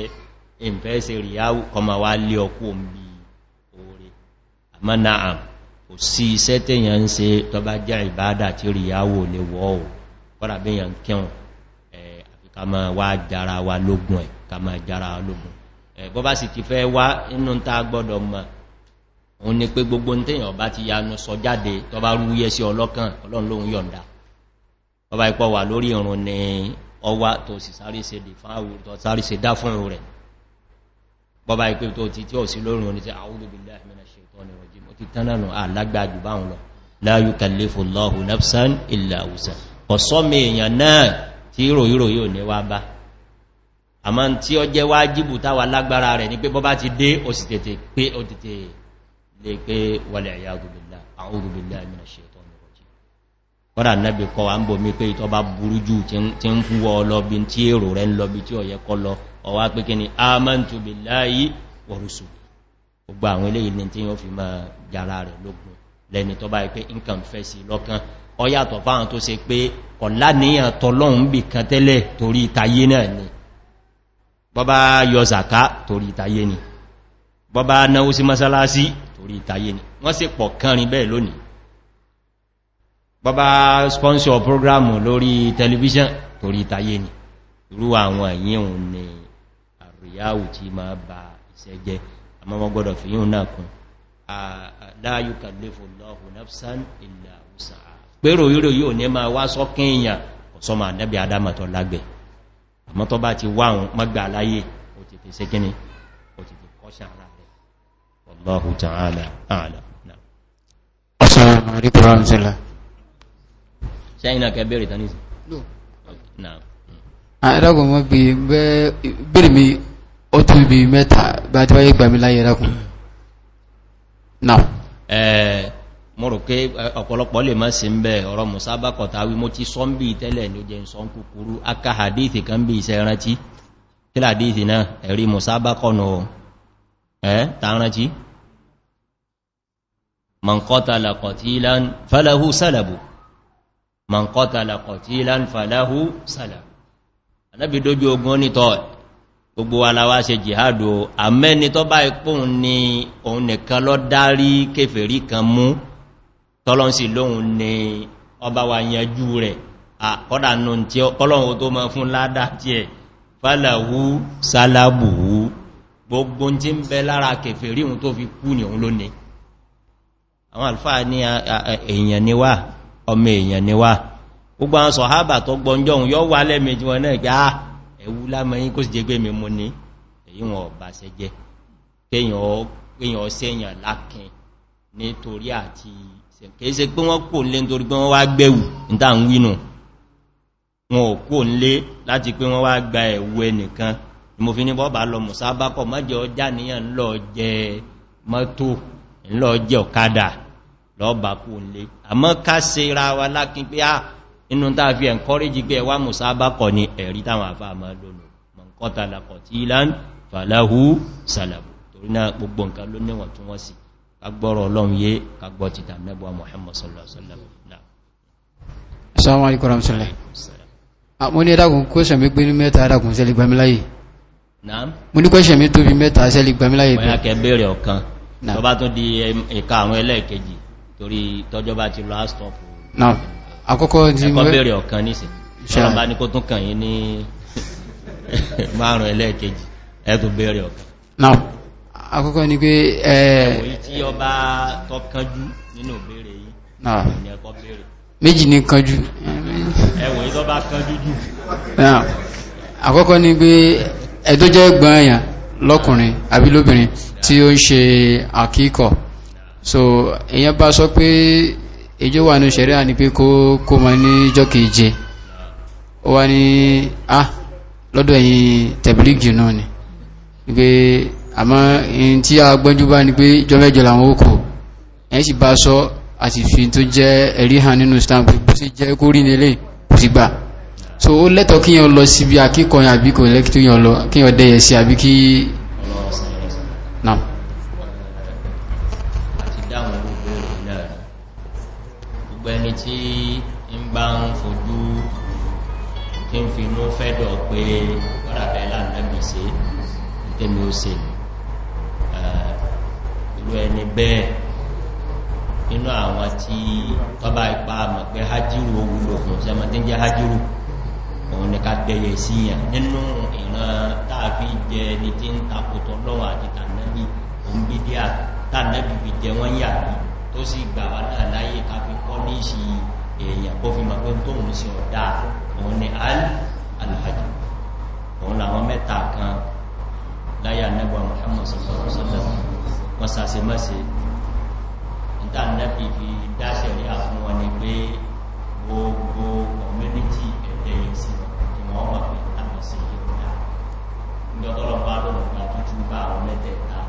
ìfẹ́ se ríáwù kọmọ wá lé ọkú òmìnir manaam kò sí iṣẹ́ tèyàn ń ṣe tó bá jẹ́ ìbádà tí rí yáwó lè wọ́ ò kọ́dà bí yàn kẹun ká ma wá jara wa lógún ẹ̀ ká ma jara wa lógún ẹ̀ bọ́ bá sì ti fẹ́ wá inú ta gbọ́dọ̀ mọ̀ òun ni pé gbogbo tèyàn bá se dè fún àwòrán se dá fún rẹ̀ bọ́bá ipé tó ti tí ò sí lórí fi tánànà alágbàjù báhùn lọ láyú kàlífò lọ́hù nafsan ilẹ̀ àwùsàn ọ̀sọ́mì èèyàn náà tí ròyìnrò yóò ní wá bá a ma ń tí ọ jẹ́ wá jíbù táwà lágbára rẹ̀ ní pé bọ́ bá ti dé ó sì tètè pé ó tètè lè pé wọlẹ̀ ẹ̀yà kọ́dà nẹ́bì kọ́ wa ń bò mí pé ìtọ́ gbogbo àwọn ilé ilẹ̀ tí yóò fi ma jara rẹ̀ lógún lẹ́ni tó bá ipé nǹkan fẹ́ sí lọ́kàn ọyàtọ̀ fáwọn tó se pé ọ̀lá níyàn tọ́lọ́un bì kan tẹ́lẹ̀ torí ìtayé náà ni bọ́bá yọ zàká torí ìtayé ni bọ́bá náwó sí masalásí torí ìtayé ni wọ́n sì pọ̀ kánrin bẹ́ẹ̀ lónìí bọ́bá sponsor programu lórí tẹlifíṣàn torí ìtayé ni irú àwọn àyíhùn ni àríyáwò tí ma ba ìṣẹ́jẹ́ àmọ́ wọ́n gbọ́dọ̀ fi yíò náà kún láyúkà léfò lọ́hùn nafsan ilẹ̀ àwùsà pẹ́rò yíò yíò ní ma wá sọ́kín èèyàn ọ̀sọ́mà nẹ́bí adámatọ̀ lágbẹ̀ àmọ́ tó bá ti wáhùn mọ́gbà aláyé ó ti fi ṣekíní ó ti fi kọ́ṣà ara rẹ̀ ọlọ́hùn tààlà ààlà náà ó tó ibi mẹ́ta bá tí wáyé gbàmí láyé rákùn náà mo rò pé ọ̀pọ̀lọpọ̀ lè máa sí ń bẹ ọ̀rọ̀ musabakọta wí mo ti sọ ń bí tẹ́lẹ̀ ní ó jẹ́ ìsọ́n kúkúrú aka hadithi kan bí iṣẹ́ rántí kí hadithi náà ẹ̀rí musabakọ̀nà falahu salabu mankọ́tàlá kọ̀tílan falahu gbogbo aláwá ṣe jihadu o àmẹ́ni tó bá ipòun ni òun nìkan lọ dárí kéfèrí kan mú tọ́lọ́n sí lóhun ni ọba wa yanjú rẹ̀ àkọ́dànà tí ọlọ́run tó mọ́ fún ládá tí ẹ̀ fàlàwú sálàbùwú gbogbo tí ń bẹ lára kèfèrí òun tó fi kú ní òun lónìí àwọn alfáà ní èèyàn níwà ọmọ èèyàn níwà wà ewu lámọ́yìn kó sì jẹ́ pé mi mú ní èyí wọn ọ̀bá sẹ jẹ́ kéyàn sẹ́yàn lákin nítorí àti kèése pé wọ́n kò lé nítorí pé wọ́n wá gbẹ̀wù níta ń wínú wọn ò kò lé láti pé wọ́n wá gba ẹ̀wù ẹnìkan mo fi ní bọ́ọ̀bá lọ mùsábákọ̀ mọ́jẹ́ ọjá níyàn ńlọ jẹ mọ́tò ńlọ jẹ ọ̀kadà lọ́ọ̀bá kò lé àmọ́ ká se ra wa lákin pé ah inú tàà fi ẹ̀kọ́rẹ́jì pé ẹwà mùsábákọ̀ ni ẹ̀rí táwọn àfà máa lónà mọ̀kọ́tàlàkọ̀ tí ìlànà fàláhù sàlàbù torí náà gbogbo nǹkan ló níwọ̀n tún wọ́n sí agbọ́rọ̀ ọlọ́run yé kagbọ́ ti dàmẹ́bọ̀ mọ̀hẹ́mọ̀ sọ́lọ́ torí tọ́jọba ti lọ astop náà àkọ́kọ́ tí mọ́ bẹ̀rẹ̀ ọ̀kan ní sí ṣọ́lọ̀bá ní kó tún kàn yí ní márùn ẹlẹ́ẹ̀kejì ẹ̀tù bẹ̀rẹ̀ ọ̀kan náà àkọ́kọ́ ni pé méjì ní kanjú àkọ́kọ́ ni pé ẹ̀tọ́ jẹ́ gbọ́n èèyàn lọ́kùnrin àbí lóbìnrin tí ó ń ṣe àkíkọ̀ so èèyàn bá sọ pé ìjó wà ní ṣẹ̀ríà ní pé kó kó mọ ní ìjọ ó wá ní ah lọ́dọ̀ ẹ̀yìn tẹ̀bílígì náà ni pé àmọ́ in tí a gbọ́njú bá ní pé ìjọ mẹ́jọ làwọn ó kò ẹ̀yìn sì bá sọ àti fi tó jẹ́ ẹ̀rí hàn nínú islam so ó lẹ́tọ̀ kí yẹn lọ síbi akíkọ̀ọ́yìn àbí kò lẹ́kì tó yẹn gbogbo ẹni tí ń bá ń fojú kí n fi inú fẹ́ dọ̀ pé kọ́dà bẹ́ẹ̀ lánàbì sí tẹ́mi ó se irú ẹni bẹ́ẹ̀ nínú àwọn tí tọ́ba ipa mọ̀ pé hájírù ó wúlò fún sẹ́mọ́ tí ń jẹ́ hájírù òun ni ká dẹ̀yẹ̀ sí yàn nínú ìran táàfi jẹ ẹni tí ń takòtò lọ́wọ́ àti tànàbì òun bí díà tànàbì fi jẹ wọ́n yà tó sì gbà wá náà láyé ká pọ́níṣì èèyàn kó fi mọ̀ pé tóun sí ọ̀dá òun ni alhaji òun làwọn mẹ́ta kan láyà nẹ́bọ̀ muhammad sallallahu sallam wọ́n sàṣe mọ́sẹ̀ níta nẹ́bí fi dáṣẹ̀ rí àfún wọn ni pé gbogbo community ẹ̀dẹ́ yìí sí kí wọ́n mọ̀ pé àwọn sí yìí ọ̀dá ìjọba ọlọ́pàá lọ́wọ́ gba tuntun bá àwọn mẹ́tẹ̀ẹ̀ta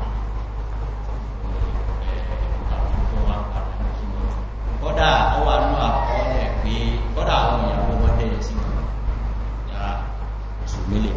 milli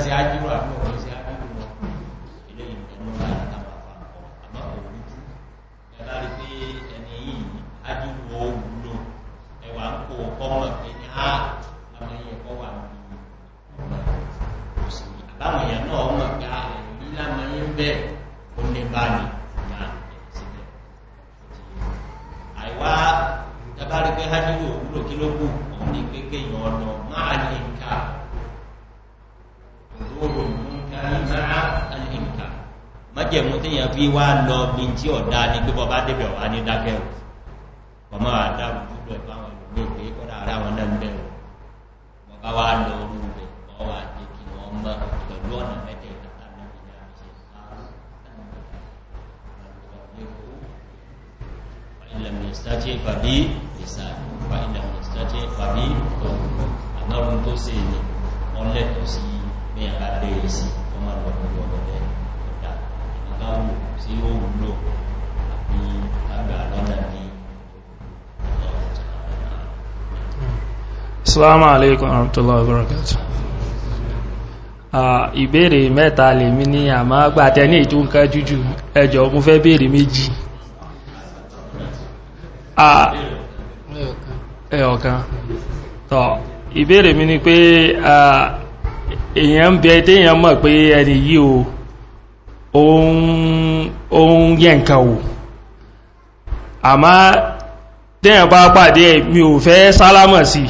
sai an yi wa fi wá lọ bí tí ọ̀dá ni pé bọ́ bá débẹ̀ wá ní dákẹ́ Assalamu alaikum warahmatullahi wabarakatuh. Ìbéèrè mẹ́ta le mi ni àmá gbàtẹ ní ìtún ká jújù ẹjọ́ ogun mi ni pé èèyàn ń bẹ téèyàn ẹni yi o, òun yẹ nǹkan wò. Àmá mi ò fẹ́ sálámọ̀ sí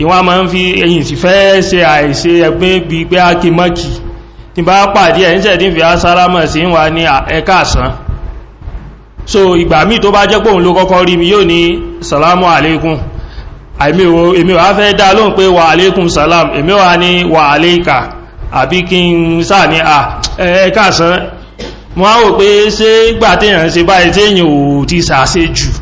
ìwọ́n ma ń fi ẹ̀yìn sí fẹ́ ṣe àìṣe ẹgbẹ́ bí pé a kí mọ́kì tí bá pàdé ẹ̀yìnṣẹ́ tí fi asáramọ̀ sí wà ní ẹ̀ka àsán so ìgbà míì tó bá jẹ́ pòun ló kọ́kọ́ rí mi yóò ní salamu alaikum èmi wà fẹ́ dá lóhùn pé wà alaikum salam èmi wà ní wà alaika àbí kí n sáà ní ẹ̀ka àsán wọ́n á wò pé ṣé gbà téèyàn ṣe báyìí téèyàn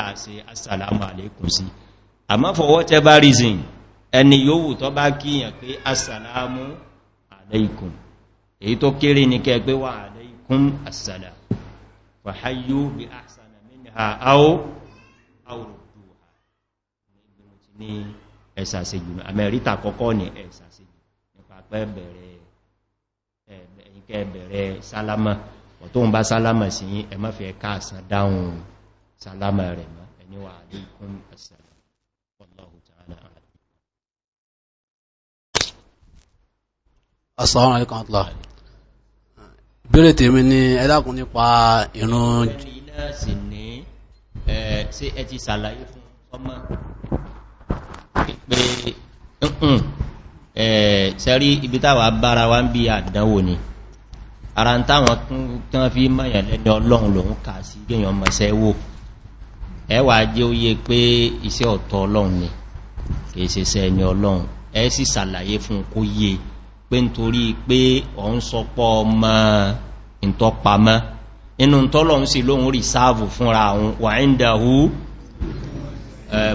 tàà sí assalamu alaikum sí àmá for whatever reason ẹni yóò tọ́ bá kíyàn pé assalamu alaikum èyí tó kéré ní kẹ pé wà alaikum assala fàhayú bí asana minha áó áwòrùdúwà ní ẹ̀sàsẹ̀jù amẹ́ríta kọ́kọ́ ní ẹ̀sàsẹ̀jù nípa pẹ́ bẹ̀rẹ̀ ẹ̀yìnkẹ́ bẹ̀rẹ̀ sálámà ọ̀tọ́ ń bá sálámà sí ẹmọ́fẹ́ káàsán dáhùn sàlámà rẹ̀ mọ́ ẹni wà aléìkún ẹsẹ̀lẹ̀ wallahu ta'ala a'lam Assalamu alaikum àtàlá bèèrè tèmi ni ẹlákùn nípa ìrún sí ní ṣe ẹ ti sàlàyé fún ọmọ pé ṣẹ́rí ibi táwà bára wá ń bí àdánwò ni ara ń táwọn tán fi mọ́yàn lẹ́ni ọlọ́run lòun kà sí gẹ́yàn mọ́sẹ́wò ẹwà jẹ́ oyé pé iṣẹ́ ọ̀tọ̀ ọlọ́run ni kìí ṣe ṣe ẹni ọlọ́run ẹ sì sàlàyé fún kó yé pé nítorí pé ọ ń sọpọ̀ ọmọ ìntọpamọ́ inú tọ́lọ̀un sí lóhun rí sáàvù fúnra àwọn wà ń dáhú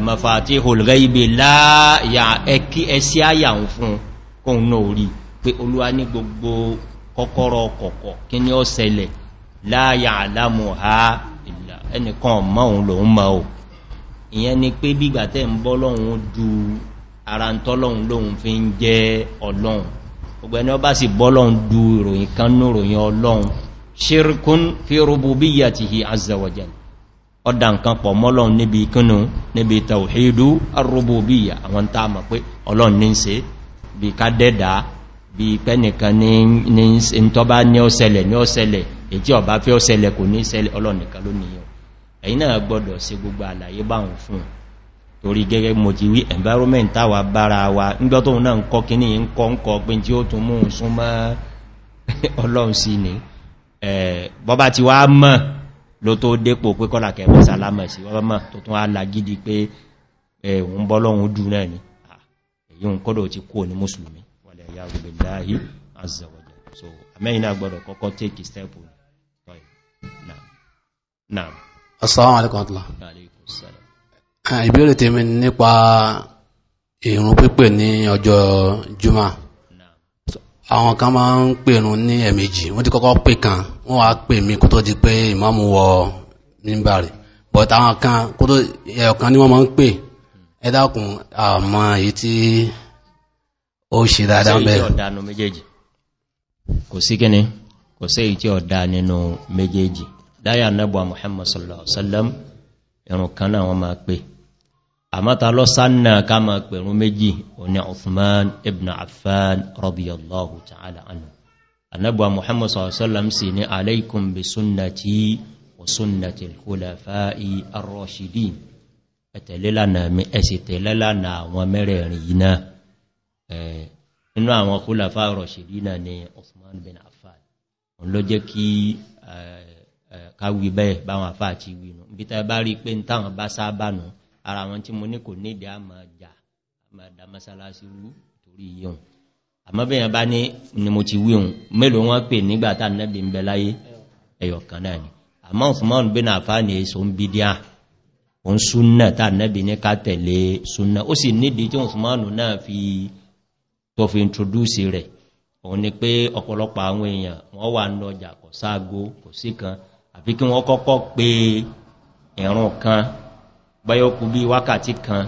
mafàtí holgẹ́ ibè láàyà ẹkí ẹsí àyàun fún kóhun náà rí pé olúwa ní gbogbo kọ́kọ́rọ̀ kọ̀kọ̀ kí ni ó sẹlẹ̀ láàyà àlámù ẹnìkan ọmọ òun lòun ma o ìyẹn ni pé bígbà tẹ́ ń bọ́ lọ́hun ju ara ń tọ́lọ́hun lóhun fi ń jẹ́ ọlọ́hun gbogbo ẹni ọ bá sì bọ́ lọ́hun du ìròyìn kan ní ìròyìn ọlọ́hun ṣírkún fi rúbú bí yà ti hì azẹ̀wọ̀jẹ̀ ọdá nǹkan pọ̀ mọ́lọ́hun níbi ikúnnu níbi tàwíìdú arúbú a mọ̀ pé ọlọ́hun ní ń se bí ká dẹ́dàá bí pẹ́nìkan ní ń tọ́bá ní ọ̀sẹ̀lẹ̀ ní ọ̀sẹ̀lẹ̀ ẹ̀yìn náà gbọdọ̀ sí gbogbo àlàyé báhùn fún torí gẹ́gẹ́ mo wí environment tàwà bára wa nígbọ́ tóun náà ń kọ́ kíní ń kọ́ ń kọ́ pé tí ó tún mú ọlọ́run sí ni bọ́bá ti wá mọ́ ló tó dépò pé kọ́lá kẹfẹ́ sàlámọ̀ sí wọ́n mọ́ tó pé ni èyí ti kú ní Assalamu alaikum warahmatullahi ìbéèrè tèmi nípa ìrun pípè ní ọjọ́ juma àwọn kan máa ń pèrún ní ẹ̀mejì wọ́n ti kọ́kọ́ pè kan wọ́n wá pè mí kó tó di pé ìmáàmù wọ mímbàrì but àwọn kan kó tó ẹ̀ọ̀kan ni wọ́n máa ń pè ẹ dákun àmọ́ èyí tí ó ṣe dáadáa bẹ́ẹ̀ kò sí kíni kò sí èyí tí ọ̀dá nínú méjèèjì láyà nẹ́bọ̀ Muhammad sallallahu alaihi wasallam ìrun kan náà wọ́n máa pè àmáta lọ sánà ká máa pẹ̀rún méjì oní Uthman ibn Affan radiyallahu ta'ala anhu anẹ́bọ̀ Muhammad sallallahu alaihi wasallam sì ní alaykum bi sunnati wa sunnati al-khulafa'i ar-rashidin ẹ tẹ̀lé ìlànà mi ẹ sì tẹ̀lé ìlànà àwọn mẹ́rẹ̀ẹ̀rin yìí káwí bẹ́ẹ̀ báwọn àfáà ti wí nù bí tẹ́ bá rí pé ń táwọn bá sáábà nù ara wọn tí mo ní kò nídìí a máa jà máa dá mọ́sálásí rú torí yíhun àmọ́ bí yẹn bá ní ni mo ti wíhun mélòó wọ́n pè nígbà tá nẹ́bì ń bẹ láyé ẹyọ náà ni àmọ́ fúnmọ́n bí náà fáà ní èso ń bí díà òun súnà tá introduce rẹ̀ òun ni pé ọ̀pọ̀lọpọ̀ àwọn èèyàn wọ́n wà ń lọjà kọ̀ sáàgó kò sí kan àfi kí wọ́n kọ́kọ́ pé ẹ̀rùn kan báyọ́kú bí wákàtí kan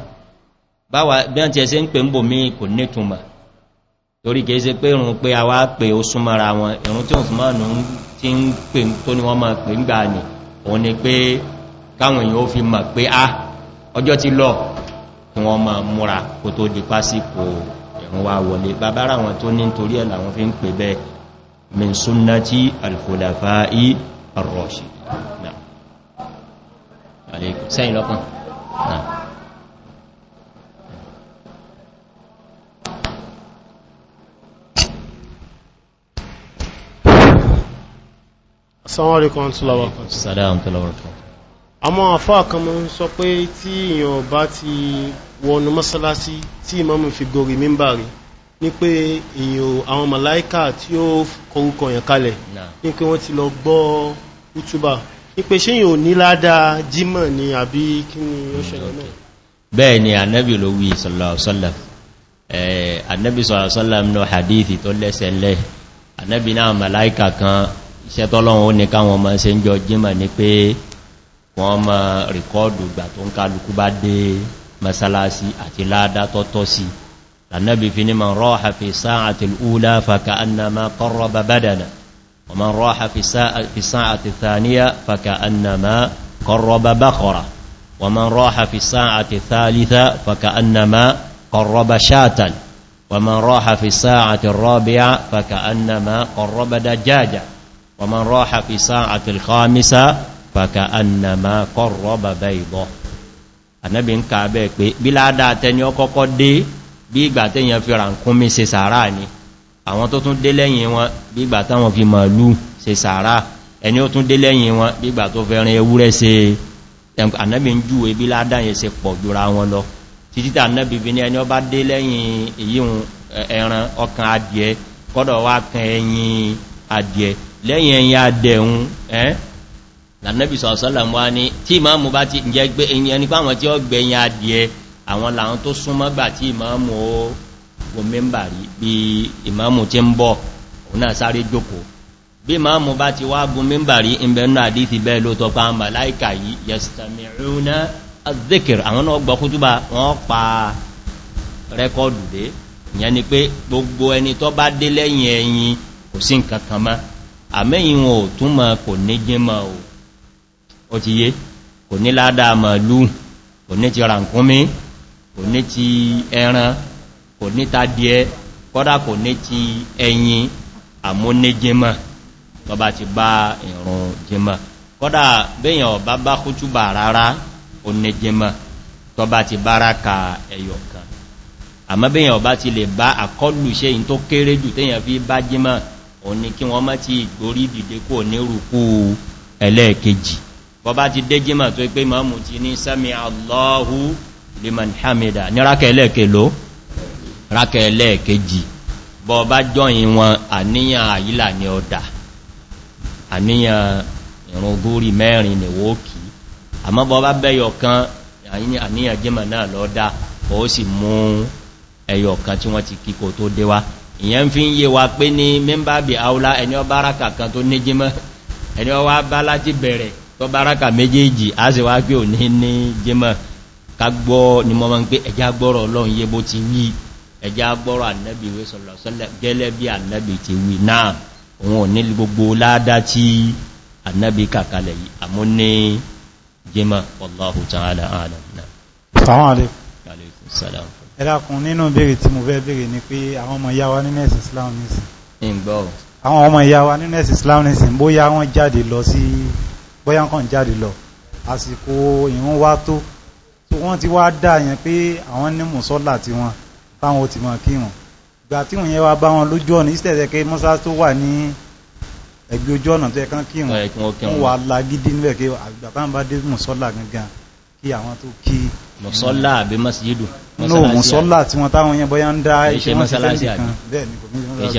báwa bí wọ́n ti ẹsẹ́ ń pè ń bò mí kò nítùmà torí kìí ṣe pé ìrùn pé a wá pè ó súnmọ́ra wọn ìrùn tí òsùnmọ́nù ti ń pè tó ní wọ́n máa pè ń gbà ni pé káwọn èèyàn ó fi mọ̀ ah, ní arọ́ṣì sẹ́yìn lọ́kàn náà Assalamu alaikum ọ̀tọ́lọ́wọ́. Assalamu alaikum ọ̀tọ́lọ́wọ́. Àmọ́ àfáà kan mọ́ ń sọ pé tí èèyàn bá ti wọnú mọ́sálásí tí ìmáàmù fi gorí mímbà rí, ní pé èyàn àwọn màláíkà tí ó kọrúkọ yàn kalẹ̀ ní pé wọ́n ti lọ gbọ́ útúbà ní pé ṣe yìí ní ládá jímọ̀ ni àbí kí ni ó ṣẹlẹ̀ náà bẹ́ẹ̀ ni annabi ló wí sọ̀lọ̀sọ̀lọ̀ annabi sọ̀lọ̀sọ̀lọ̀ hadithi tó lẹ́sẹ̀lẹ̀ annabi náà màláíkà kan iṣẹ́ tọ́lọ́run ó ní káwọn ma ṣe ń jọ jímọ̀ masalasi àti ládá lànàbí fi ní ma rọ́ha fi sáàtì l'úlá fàkà annama kọrọba bádana wa ma rọ́ha fi sáàtì thaniya fàkà annama kọrọba bákọrọ wa ma rọ́ha fi sáàtì thalitha fàkà annama kọrọba shatan wa ma rọ́ha fi sáàtì rọ́bíà fàkà annama kọrọba dajájá wa ma rọ́ha fi sáàtì khamisa fàkà annama kọrọba báibọ annabi ń ka bẹ́ẹ̀ pé bí ládáa tẹni ọkọ́kọ́ dé bí ìgbà tẹ́yàn fi ràǹkúnmí se sàárà ni àwọn tó tún dé lẹ́yìn wọn bí ìgbà táwọn fi màálù se sàárà ẹni ó tún dé lẹ́yìn wọn bí ìgbà tó fẹ́rin ewúrẹ́ se ànábì ń júwe bí ládáyẹ se pọ̀ jùra wọn lọ títí ànábì bí ní ẹni ọ bá dé lẹ́yìn èyíhun ẹran ọkàn adìẹ kọ́dọ̀ wá kan ẹyin adìẹ lẹ́yìn ẹyin adẹ̀hun ẹ́ lànàbì sọ̀sọ́lọ̀ wá ní tí ìmáàmù àwọn làwọn tó súnmọ́ gbà tí ìmáàmù ó gomimba rí bí ìmáàmù tí ń bọ̀ òun náà sáré jókòó bí ìmáàmù bá ti wá gomimba rí ìbẹ̀nà àdíti bẹ́ẹ̀ ló tọpa màláìkà yìí yestamiruna pa rẹ́kọ́dù dé ni pé gbogbo ẹni tó bá dé lẹ́yìn ẹyin kò sí nǹkan kan mọ́ àmẹ́yìn wọn ò kò ní ládàá màlúù kò ní ti ràǹkúnmí kò ní ti ẹran kò ní ta díẹ kọ́dá kò ní ti ẹyin àmúní jẹmọ̀ tọba ti bá ìrùn jẹmọ̀ kọ́dá bẹ́yàn ọba bá kútúbà rárá òní jẹmọ̀ tọba ti bára ka ẹyọ kan àmọ́ bẹ́yàn ọba ti lè bá àkọlù ṣe in tó kéré jù tẹ́yàn fi bá jẹmọ̀ òní kí wọ́n mọ́ ti gbórí dìde kó onírùkú ẹlẹ́ẹ̀kejì bọ́bá ti dé jẹmọ̀ tó pé mọ́mù ti ní sẹ́mi allahu liman hamida ní rákẹ̀ẹ́lẹ́ẹ̀kẹ́ ló rákẹ̀ẹ́lẹ́ẹ̀kejì bọ́ bá jọyìn wọn àníyàn àyílà ní ọ̀dà àníyàn ìrùn gúrí mẹ́rin ni wó kí àmọ́ bọ́ bá bẹ́yọ kan àníyàn jẹ́mà náà lọ́dá ó sì mú ẹyọ kan tí wọ́n ti kíkò tó dé wá ìyẹn fi ń yé wa pé ní mẹ́mbàbì aula ẹni ọ báraka kan tó ní jímọ́ ẹni ọ wá bá láti bẹ̀rẹ̀ tó báraka méjèèjì á sì wá pé ò ní kagbọ́ ni mọ́ ma ń pé ẹjá gbọ́rọ̀ ọlọ́run yé bó ti wí ẹjá gbọ́rọ̀ annabi wé sọ̀lọ̀sọ́lẹ̀ gẹ́lẹ́ bí annabi ti wí náà òun ò ní gbogbo ládá tí annabi kàkalẹ̀ yìí àmú ní jẹ́mà wallahu ta'ala alam náà Assalamu alaikum ẹ̀dàkùn nínú béèrè tí mo fẹ́ béèrè ni islam nìsìn àwọn ọmọ ìyá islam nìsìn bóyá wọ́n jáde lọ sí bóyá wọ́n jáde àsìkò ìrún wá tó wọ́n ti wá dá yẹn pé àwọn ní mùsọ́là tí wọ́n táwọn ò ti mọ̀ kí wọn gbà tí wọ́n yẹn wá bá wọn lójú ọ̀nà ìsìtẹ̀ẹ̀tẹ̀ pé mọ́sá tó wà ní ẹgbẹ́ ojú ọ̀nà tó yẹ kí wọn wà lágídí níbẹ̀ kí àgbà táwọn bá dé mùsọ́là gangan kí àwọn tó kí mùsọ́lá masjidu no mùsọ́lá tí wọ́n táwọn yẹn bọ́yá ń dá iṣẹ́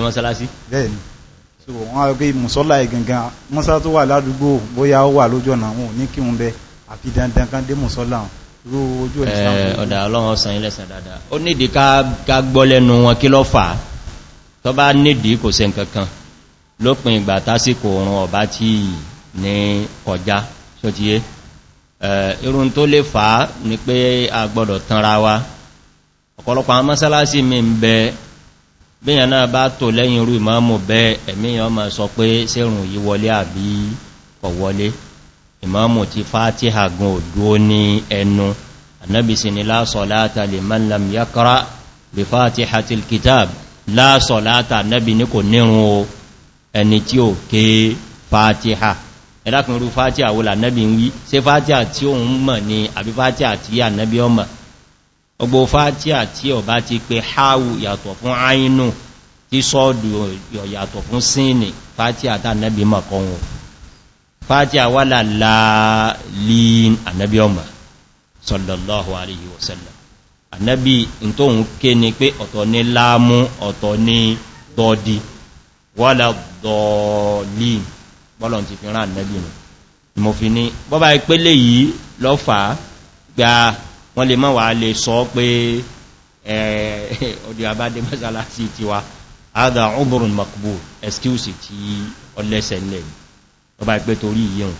mọ́sálásí so wọ́n á gbé mùsọ́lá ìgangan mọ́sá tó wà ládùúgbò bóyá ó wà lójú ọ̀nà wọn rú ojú eh, ọ̀dà ọlọ́run ọ̀sán ilẹ̀sàn dáadáa ó nìdí ká gbọ́ lẹ́nu wọn kí lọ fà tọ́ bá nìdí kò se nkankan lópin ìgbà tásìkò oòrùn ọ̀bá tí ní kọjá ṣó ti yé eh, irun tó lè fà ní pé a gbọ́dọ̀ tanra wa ọ̀pọ̀lọpọ̀ àwọn mọ́sálásí mi ń bẹ bíyàn náà bá tò lẹ́yìn irú ìmọ́mù bẹ́ ẹ̀míyàn máa sọ pé sẹ́rùn yí wọlé àbí kọ̀wọlé ìmáàmù ti fatiha gun òdúó ní ẹnu annabi ni lásọ̀láta lè mọ́lam ya kọ́rá bí fatiha til kitab lásọ̀láta annabi ní kò nírun o ẹni tí ó ké fatiha ẹlákùnrú fatiha wọ́la annabi ń wí sí fatiha tí ó ń mọ̀ ní àbí fatiha tí annabi ọmọ ọgbọ̀ fatiha tí ọ bá ti pé háwù yàtọ̀ fún áyínú tí sọ́ọ̀dù yàtọ̀ fún sínì fatiha tá annabi mọ̀ kọ́wọ́ fàtí àwálà láàlín ànábí ọmọ sallallahu alayhi wa sallam ànábí in tó ń ké ni pé ọ̀tọ̀ ní láàmú ọ̀tọ̀ ní dọ́dí wọ́lá dọ́ọ̀lín bọ́lọ̀ ti fi rán ànábí nù mo fi ní bọ́bá ìpele yìí lọ́fà gba wọ́n lè mọ́ wà lè sọ pé ọdí tó bá pé torí yíò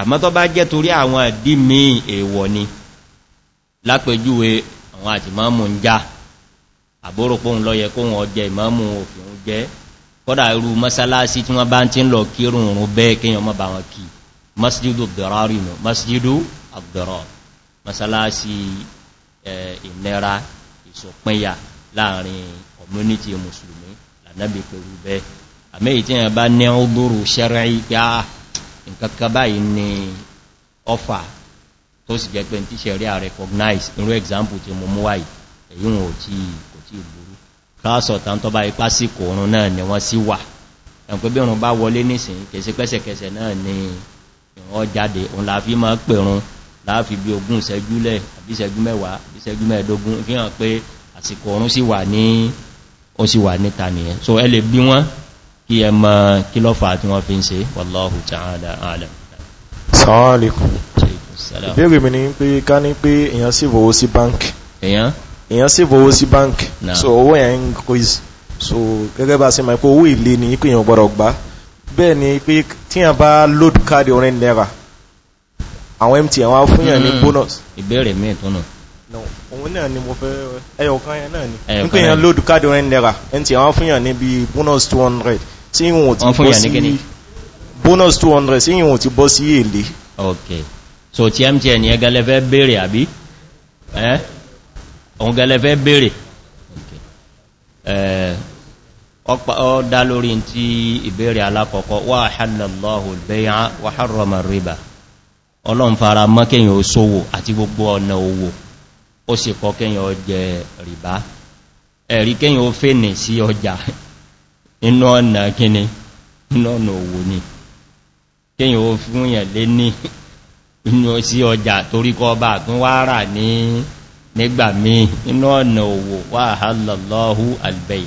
àmọ́ tó bá jẹ́ torí àwọn àdí míì èèwọ̀ ni lápẹjúwe àwọn àti mọ́mù ń já àbóròpóhun lọ yẹ kóhun ọjẹ́ ìmọ́mù òfin jẹ́ kọ́dà irú mọ́sálásí tí wọ́n bá ti ń lọ kírùn ún bẹ́ẹ̀ kíyàn mọ́ bá wọn kí masjidu abdurari nù masjidu abdurari mọ́sálásí ìnira ìsòpinya láàrin community musulmi lànàbí pẹ̀lú àmì tí yẹn bá ní ọdúrù ṣẹ́rẹ̀ ìpá ah, nǹkankan báyìí ni ọfà tó sì jẹ́ pé tí ṣẹ̀rí à recognize irú example tí mo mú wáyìí èyí wọn ò tí kò tí burú káàsọ̀tà tó bá ipá sí kòrún náà ni wọ́n sí wà ẹ̀kùn bí irun bá wọlé nìsìn kèsí pẹ́sẹ̀kẹsẹ̀ náà ni ìrun jáde òun láàfí máa pèrún láàfí bí ogún ìṣẹ́júlẹ̀ àbí ìṣẹ́jú mẹ́wàá àbí ìṣẹ́jú mẹ́ẹ̀dógún fi so ẹ lè bí kí ẹ mọ́ kí lọ́fà tí wọ́n fi ń ṣe wallahu ta'ala alam sàwálìkùn ìbéèrè mi ni pé ká ní pé èyàn sí ìfowó sí báńkì èyàn sí ìfowó sí so owó yẹn so gẹ́gẹ́ bá sí ma pé owó ìlé ni pé èyàn gbọ́dọ̀ gbá bẹ́ẹ̀ ni pé load card orin naira àwọn mtn wá fún yàn ní hmm. bonus ìbéèrè mi ìtúnà òun náà ni mo fẹ́ ẹyọkan yẹn náà ni pé yàn load card orin naira mtn wá fún yàn ní bí bonus 200 tí ìwọ̀n ti bọ́ sí bonus 200 sí ìwọ̀n ti bọ́ sí èlé ok so ti mtn yẹ gẹlẹ́fẹ́ bèèrè àbí ẹ́ òun gẹlẹ́fẹ́ bèèrè ọ̀dá lórí tí ìbèèrè alákọ̀ọ́kọ́ wà hàlọ́lọ́hù bẹ́yà wà hàrọ̀mà rìbà ọlọ́n fara mọ́ kíyàn ó sówò àti gbogbo ọ̀nà owó ó sì kọ́ kíyàn ó jẹ rìbá ẹ̀rí kíyàn ó fèèlè sí ọjà nínú ọ̀nà kíni nínú ọ̀nà òwò ni kíyàn ó fún yàn lé ní inú sí ọjà torí kọ bá tún wá rà ní nígbà míì ọ̀nà òwò wà hálàlọ́hù albay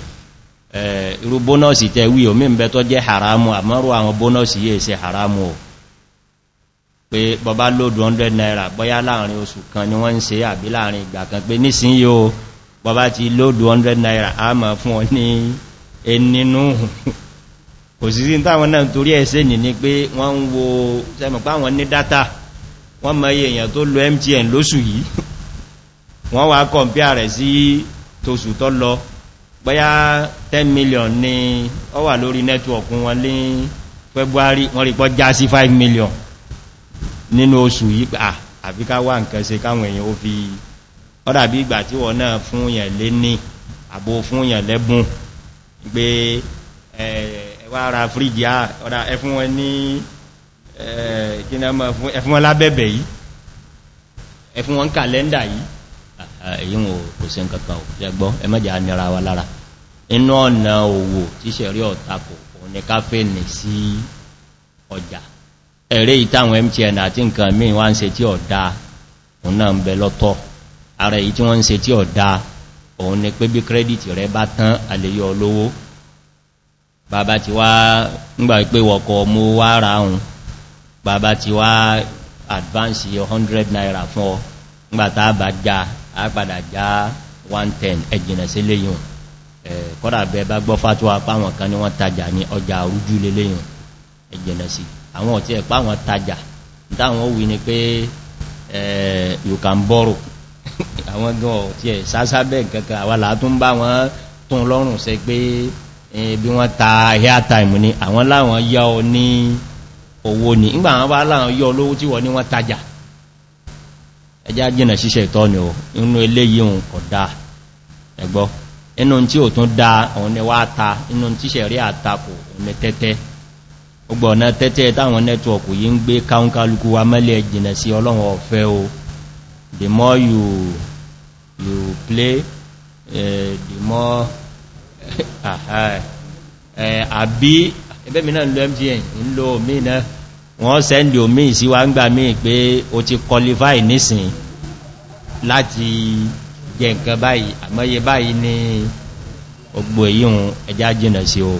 irú bónọ́sì tẹ wí omi ń bẹ jẹ́ haramu àwọn bónọ́sì yìí se haramu o pé bọba lóòdù 100 naira bọ́yá láàrin kan ni wọ́n ń se àbí láàrin ìgbà kan pé o bọba ti lóòdù 100 naira fún ọ ní ẹninú òsìsí táwọn náà torí ẹ̀ṣẹ́ nì ní pé wọ́n ń wo sẹ́mọ̀pá wọn ní dátà wọ́n mọ̀ iye èèyàn tó lo mtn lóṣù yìí wọ́n wá kọ̀mpíà rẹ̀ sí tóṣù tọ́ lọ bọ́yá 10 million ni ọ wà lórí nẹ́tíwọ̀kún wọn ní february wọ́n rí pọ́ já sí 5 million nínú oṣù yìí àfi ká wá nǹkan se káwọn èèyàn ó fi ọ́dàbí ìgbà tí wọ́n náà fún yẹn lé ní àbò fún yẹn lẹ́bùn gbé ẹwà ara fríjì á ọ̀dá ẹfún wọn ní ẹfún wọn lábẹ́bẹ̀ yìí ẹfún wọn kàlẹ́ndà yìí èyí wọn kò sí nkankan ò jẹgbọ́ ẹmọ́jà nira wa lára inú ọ̀nà òwò tí sẹ̀rí ọ̀takò òní káfẹ́ nì sí ọjà ẹ̀rẹ́ ìtàwọn mtn àti nǹkan míì wá ń se tí ọ̀dá òun náà ń bẹ lọ́tọ̀ ara èyí tí wọ́n ń se tí ọ̀dá òun ni pé bí kírẹ́dìtì rẹ bá tán àlèyọ olówó bàbá ti wá ńgbà pé wọ̀kọ̀ mú wá ra ohun bàbá ti wá advance 100 naira fún ọ ńgbàtà bá já a padà já 110 ẹjìnà sí léyìn kọ́dà bẹ bá gbọ́ fátúwà páwọn kan ní wọ́n tajà ní ọjà orújú léyìn ẹjìnà sí àwọn ọ̀tí ẹ̀ páwọn tajà dáwọn wí ni pé you can borrow àwọn gan ọ̀tí ẹ̀ sásábẹ̀ kankan àwàlà tó ń bá wọn tún lọ́rùn sẹ pé bí wọ́n ta hair time ni àwọn láwọn yá ọ owó ni ìgbà àwọn bá láwọn yọ olówó tí ní wọ́n tajà ni ni ta àtakò ọgbọ̀nà tẹ́tẹ́ táwọn nẹ́tíwọ̀kù yí ń gbé káúnkálukú the more you you play uh, the more eh, àbí ẹgbẹ́mi náà lọ mtn ń lo omi náà wọ́n sẹ́ndì omi ìsíwá ń gbà mí pé o ti qualify nísìn láti jẹ nǹkan báyìí àmọ́yé báyìí ní ogbò èyí hun ẹjá jìnà sí o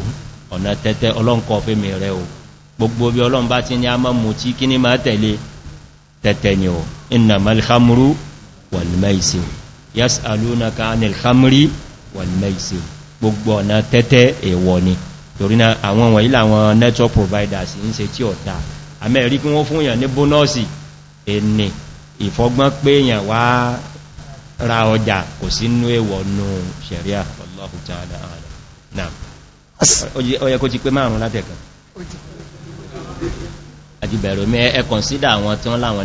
ọ̀nà tẹ́tẹ́ ọlọ́nkọ̀ fẹ́mi rẹ o gbogbo bí ọlọ́n bá ti ní a mọ́ mú tí kí ní máa tẹ̀lé tẹ́tẹ́ ni o إنما الخمر والميسر يسألونك عن الخمر والميسر gbogbo ọ̀nà tẹ́tẹ́ èwọ̀ ni torínà àwọn wọ̀nyí láwọn network providers ń se tí ọ̀ta amẹ́rí kí wọ́n fún èyàn ní bónọ́ọ̀sì ẹni ìfọgbọ́n pé èyàn wá ra ọjà kò sí nú èwọ̀ nù sẹ̀ríà ọlọ́hùtà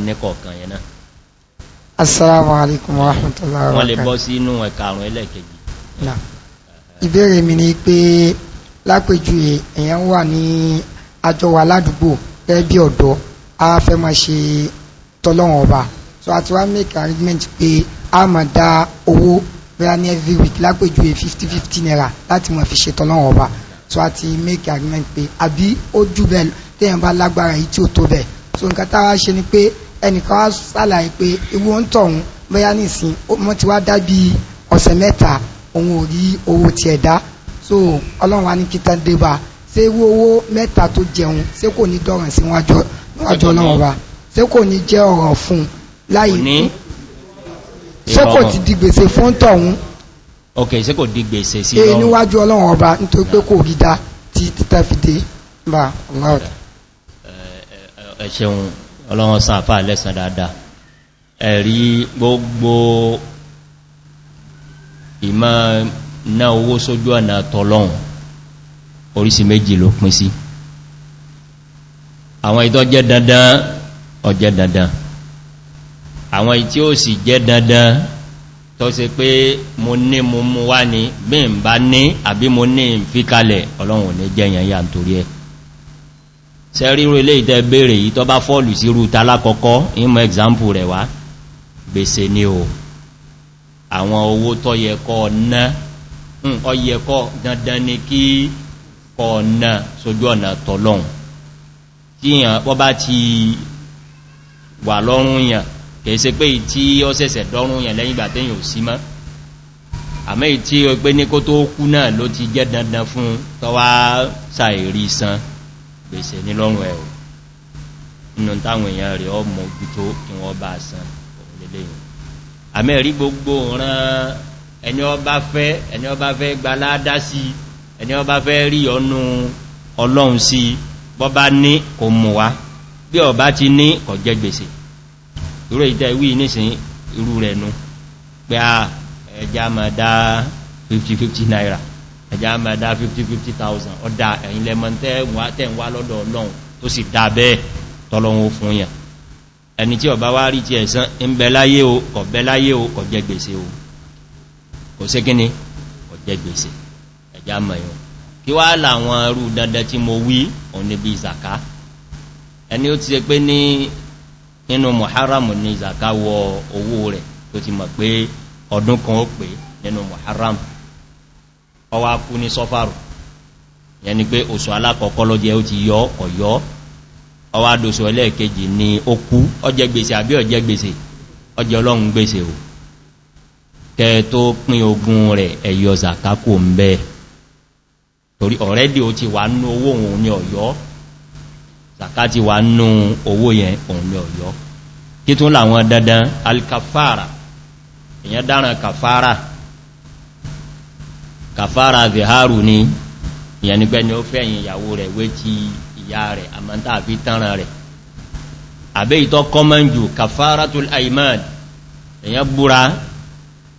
àdá assalamu alaikum wa rahmatullahi wa barakatuh wọ́n lè bọ́ sí inú ẹ̀ka àrùn ẹlẹ́kẹ̀ẹ́jì ìbéèrè mi ni pé lápèjúwe èèyàn wà ní àjọ wa ládùúgbò gẹ́gẹ́ bí ọ̀dọ́ a fẹ́ máa ṣe tọ́lọ́wọ̀n ọba so àti wá make arrangement pé a máa dá owó bẹ́ẹ̀ ní every week lápèjúwe fifty fifty naira láti máa fi ṣe tọ́lọ́wọ̀n ọba so àti make arrangement pé àbí ó jù bẹ́ẹ̀ téèyàn bá lágbára yìí tí ó tó bẹ́ẹ̀ so nǹkan tá a wá ṣe ni pé ẹnìkan á ṣàlàyé pé ewu ń tọ̀hún bóyá nìsín wọ́n ti wá dá bí ọ̀sẹ̀ mẹ́ta òun ò rí owó tiẹ̀ dá so ọlọ́run wa ní kí tán dé bá ṣé ewu owó mẹ́ta tó jẹun ṣé kò ní dọ̀ràn sí wájú ọlọ́run wa ṣé kò ní jẹ́ ọ̀rọ̀ fún un láyé ṣé kò ti di gbèsè fún tọ̀hún ok ṣe kò di gbèsè sí lọ níwájú ọlọ́run ọba nítorí pé kò gídá tí títà fi dé bá ọlọ́run ẹ̀ṣẹ̀hun ọlọ́wọ́n sáfà lẹ́sàn dáadáa ẹ̀rí gbogbo ìmá náà owó sójú ọ̀nà tọ́lọ́un orísì méjì ló pín sí àwọn ìtọ́ jẹ́ dandan ọjẹ́ dandan àwọn ìtí ó sì jẹ́ dandan tọ́ se pé mo ní mo mú wá ní bí n bá ní àbí mo ní ìfikalẹ̀ ọlọ́run ò ní jẹ́ yẹn yà nítorí ẹ̀ tẹ́ ríro ilé ìtẹ́ bèèrè yìí tọ́ bá fọ́ọ̀lù sí rúta lákọ́kọ́ ìmọ̀ example rẹ̀ wá gbèsè ni o àwọn owó tọ́ yẹkọ́ ọ̀nà ọyẹkọ́ hmm, dandan ni kí ọ̀nà sójú ọ̀nà tọ́lọ́un tí wọ́n bá ti wà lọ́rún yàn kèése pé tí ó sẹ̀sẹ̀ dọ́rún yàn lẹ́yìn ìgbà tẹ́yìn ò sí mọ́ àmẹ́ tí ó pé ní kó tó kú náà ló ti jẹ́ dandan fún tọ́wàá sàìrí san gbèsè ní lọ́rùn ẹ̀ inú táwọn èèyàn rẹ̀ ọmọ ojútó kí wọ́n bá san lélẹ́yìn àmẹ́rí gbogbo ran ẹni ọba fẹ́ ẹni ọba fẹ́ gbaládá sí ẹni ọba fẹ́ rí ọnú ọlọ́run sí bọ́bá ní kò mú wá bí ọba ti ní kọ̀ jẹ gbèsè irú ìtẹ́ 50-50 naira ẹjá máa dá 50,000 ọdá ẹ̀yìn lẹ́mọ̀ tẹ́ẹ̀wà lọ́dọ̀ ọlọ́run tó sì dá bẹ́ẹ̀ tọ́lọ́run fún yàn ẹni tí ọba wá rí ti ẹ̀sán ń bẹ láyé o kọ̀ bẹ láyé o kọ̀ jẹ gbèsè o kò sí kíní kọ̀ jẹ gbèsè ẹjá mọ̀ yàn kí wá láwọn rú dandan tí mo wí òní bí zaka ẹni ó ti ṣe pé ní nínú muharram ni zaka wọ owó rẹ̀ tó ti mọ̀ pé ọdún kan ó pé nínú muharram ọwá kú ní sọ́fàrù yẹni pé oṣù alákọ̀ọ́kọ́ ló jẹ́ ó ti yọ ọ̀yọ́ ọwá dòṣù ẹlẹ́ẹ̀kejì ni ó kú ọjẹ́ gbèsè àbí ọjẹ́ gbèsè ọjẹ́ ọlọ́run gbèsè ò kẹ tó pín ogun rẹ̀ ẹ̀yọ zakako ń bẹ́ torí ọ̀rẹ́dì ó ti wà nú owó òun ní ọ̀yọ́ zakati wà nú owó yẹn òun ní ọ̀yọ́ kí tún làwọn dandan alkafara èyàn dáran kafara kàfàrà zìhárù ni ìyẹn ni pé ni ó fẹ́yìn ìyàwó rẹ̀ wé ti ìyá rẹ̀ àmọ́ntà àfi tánra rẹ̀ àbẹ́ ìtọ́ kọmọ́njù kàfàratul aiman èyàn búra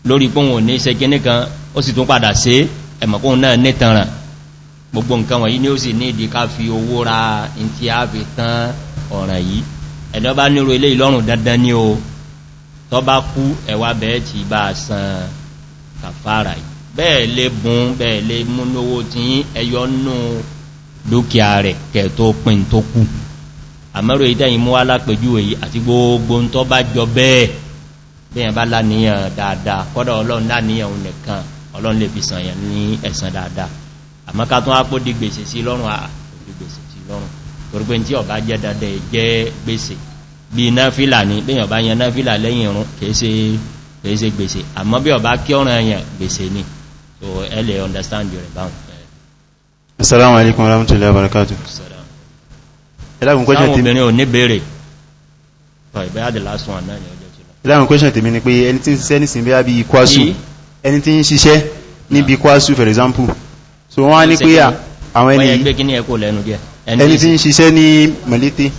lórí pé wọn ní ṣe kíní kan ó sì tún padà sí ẹ̀mọ̀kún náà nítànràn gbogbo nǹkan wọ̀nyí ni kú ẹ̀wà bẹ̀ẹ́ ti bá san kàfàrà yìí bẹ́ẹ̀ lè bùn bẹ́ẹ̀ lè múnówó tí ẹyọ nù dúkìá rẹ̀ kẹ̀ẹ̀tọ́ pín tó kú àmẹ́rò ìdẹ́yìn mú alápẹjú èyí àti gbogbo ń tọ́ bá jọ bẹ́ẹ̀ bẹ́yàn bá láníyàn dáadáa kọ́dọ̀ ọlọ́run láníyàn òun nìkan ọlọ́run lè fi sànyàn ní ẹ̀sàn dáadáa àmọ́ ká tún ápó di gbèsè sí lọ́rùn àti gbèsè sí lọ́rùn torípé tí ọba jẹ́ dáadáa jẹ́ gbèsè bí kèése gbèsè àmọ́ bí ọba kí ọ̀ràn ẹ̀yàn gbèsè ni so ẹ understand your rebound assalamu alaikum warahmatullahi wabarakatuh ẹlẹ́gùn question tí obìnrin ò ní bèèrè ìbáyá the last one náà ni ọjọ́ tí lọ ẹlẹ́gùn question tí mi ni pé ẹni tí ń ṣiṣẹ́ ní sinbíyà bí kwásù ẹni tí ń ṣiṣẹ́ níbi kwásù for example so wọ́n ní pé àwọn ẹni tí ń ṣiṣẹ́ ní mẹ́lẹ́tẹ́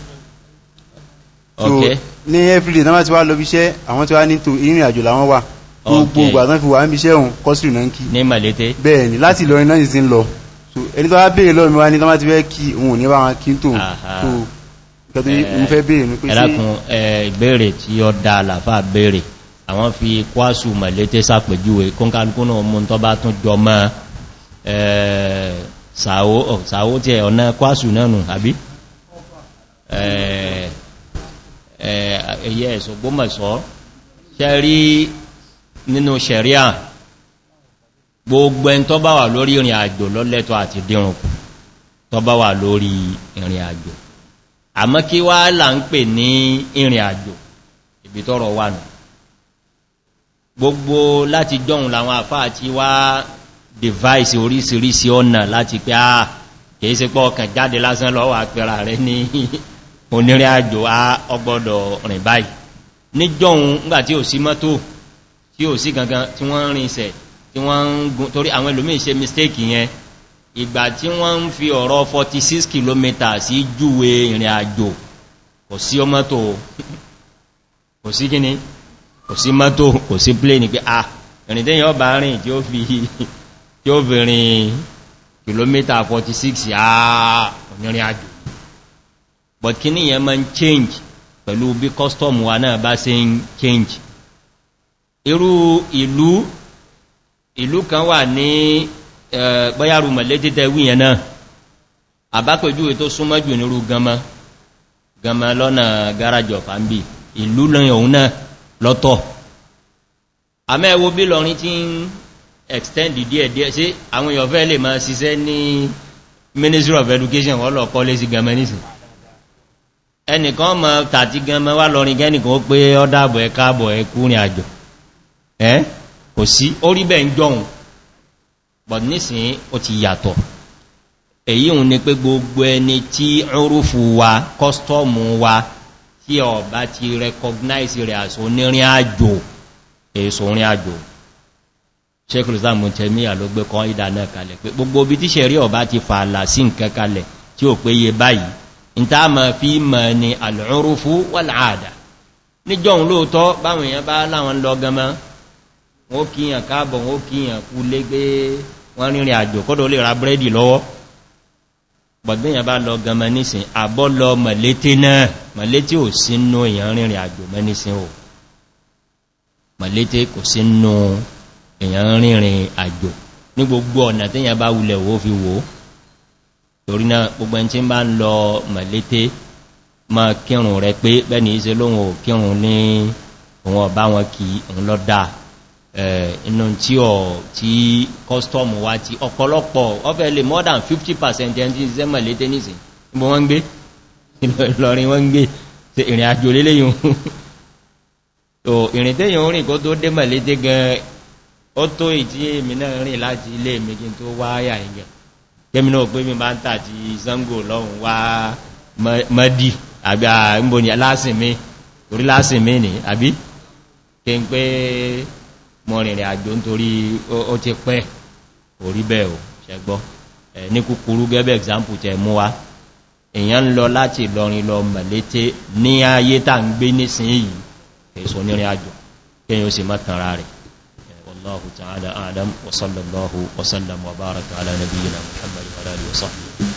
so ní everyday náà ti wá lọ bí iṣẹ́ àwọn tí wá ní ìrìn àjò làwọn wà gbogbo ìgbàtán fi wà ń bí iṣẹ́ òun kọ́sìrì náà ń kí ní màlété bẹ́ẹ̀ ni láti Ìlọrin náà ìsìn lọ ẹni tó wá béèrè lọ́rọ̀ mi wá ní tó má ti fẹ́ kí òun ní bá wọn kí tó tó kẹtù ní fẹ́ eh, béèrè ní pé sí ẹlákùn ìbéèrè tí ó nínú sẹ̀ríà gbogbo ẹn tó bá wà lórí ìrìn àjò lọ́lẹ́tọ́ àti dírùn tó bá wà lórí ìrìn àjò àmọ́ kí wá là ń pè ní ìrìn àjò ibi tọ́rọ wà nù gbogbo láti jọun làwọn àfáà ti wá device orísìírísìí ọ̀nà láti pé àà kìí sí pọ́ ọkàn jáde lásán lọ́wọ́ àpẹẹrà rẹ̀ ní onírìn àjò a ọgbọ́dọ̀ rìn báyìí níjọun ngbàtí ò sí mọ́tò tí ò sí gangan tí wọ́n ń tí wọ́n ń gun torí àwọn ìlúmí ṣe mistake yẹn ìgbà tí wọ́n ń fi ọ̀rọ̀ 46 km sí júwe ìrìn àjò kò sí ọmọ́tò kò sí gíní kò sí mọ́tò kò sí plane pé ah ìrìn tí yọ́ bá rìn tí ó fi rin 46 àà ìrìn àjò but kí ní change pẹ̀lú bí change irú ìlú ìlú kan wà ní gbọ́yàrù mọ̀lẹ́dídẹ́ wíyẹn náà àbápẹ̀jú ètò súnmọ́jù nírú gama gama lọ́nà garajọ fàmbì ìlú lọ́yìn òun náà lọ́tọ̀ àmẹ́wò bí lọrin tí ń extend díẹ̀ díẹ̀ sí àwọn èèyàn fẹ́ lè máa ṣiṣẹ́ ní ministry of education wọ́n lọ kọ́ lé sí gama nísìn ẹnìkan mọ̀ tàti gama wá lọrin gẹ́nìkan ó pé ọ́dàbọ̀ ẹ̀káàbọ̀ ẹkúrin àjọ̀ ẹ́ kò sí orí bẹ́ ń jọun but nísìn ó ti yàtọ̀ èyí òun ni pé gbogbo ẹni tí ọrúfù wa kọ́stọ́mù wa tí ọba ti recognize rẹ̀ àṣò onírin àjò èso orin àjò ṣekùlùsá mọ̀tẹ̀míyà ló gbé kan ìdáná kalẹ̀ pé gbogbo bí tíṣẹ̀ rí ọba ti fààlà sí nǹkan kalẹ̀ tí ó péye báyìí in ta ma fi mọ̀ ni al'urufu wal'ada níjọ́ òun lóòótọ́ báwọn èèyàn bá láwọn lọ gama wọ́n kíyàn káàbọ̀ wọ́n kíyàn kú lé gbé wọ́n rìnrìn àjò kọ́dọ̀ lè ra búrẹ́dì lọ́wọ́ gbọ̀gbìyàn bá lọ gan mẹ́nìsìn àbọ́ lọ mọ̀lété náà mọ̀lété ò sínú èèyàn rìnrìn àjò mẹ́nìsìn ò mọ̀lété kò sínú èèyàn rìnrìn àjò ní gbogbo ọ̀nà téèyàn bá wulẹ̀ wó fi wò torí náà gbogbo ẹni tí bá ń lọ mọ̀lété ma kírùn rẹ pé bẹ́ni ìse lóhun ò kírùn ní òun ọ̀bá wọn kì í òun lọ dáa Eh, inú tí ọ̀ tí kọ́stọ̀mù wá tí ọ̀pọ̀lọpọ̀ ọfẹ́ lè more than 50% ẹni tí zẹ́mọ̀ lé tẹ́nìsì níbo wọ́n gbé ìlọrin wọ́n gbé tí ìrìn àjò lélé yìí ìrìn tẹ́yìn orin kó tó dé mẹ́lété gan ó tó ìtí kí n pé mọ́ rìnrìn àjò nítorí ó ti pẹ́ orí bẹ̀ ò ṣẹgbọ́ ní kúkúrú gẹ́bẹ̀ example tẹ mú wa èyàn lọ láti lọrin lọ mẹ̀lẹ́tẹ́ ní ayé tà ń gbé nísìn yìí èso nírin àjò kíyàn ó sì mọ́tànra rẹ̀ والله تعالى أعلم وصلى الله وسلم وبارك على نبينا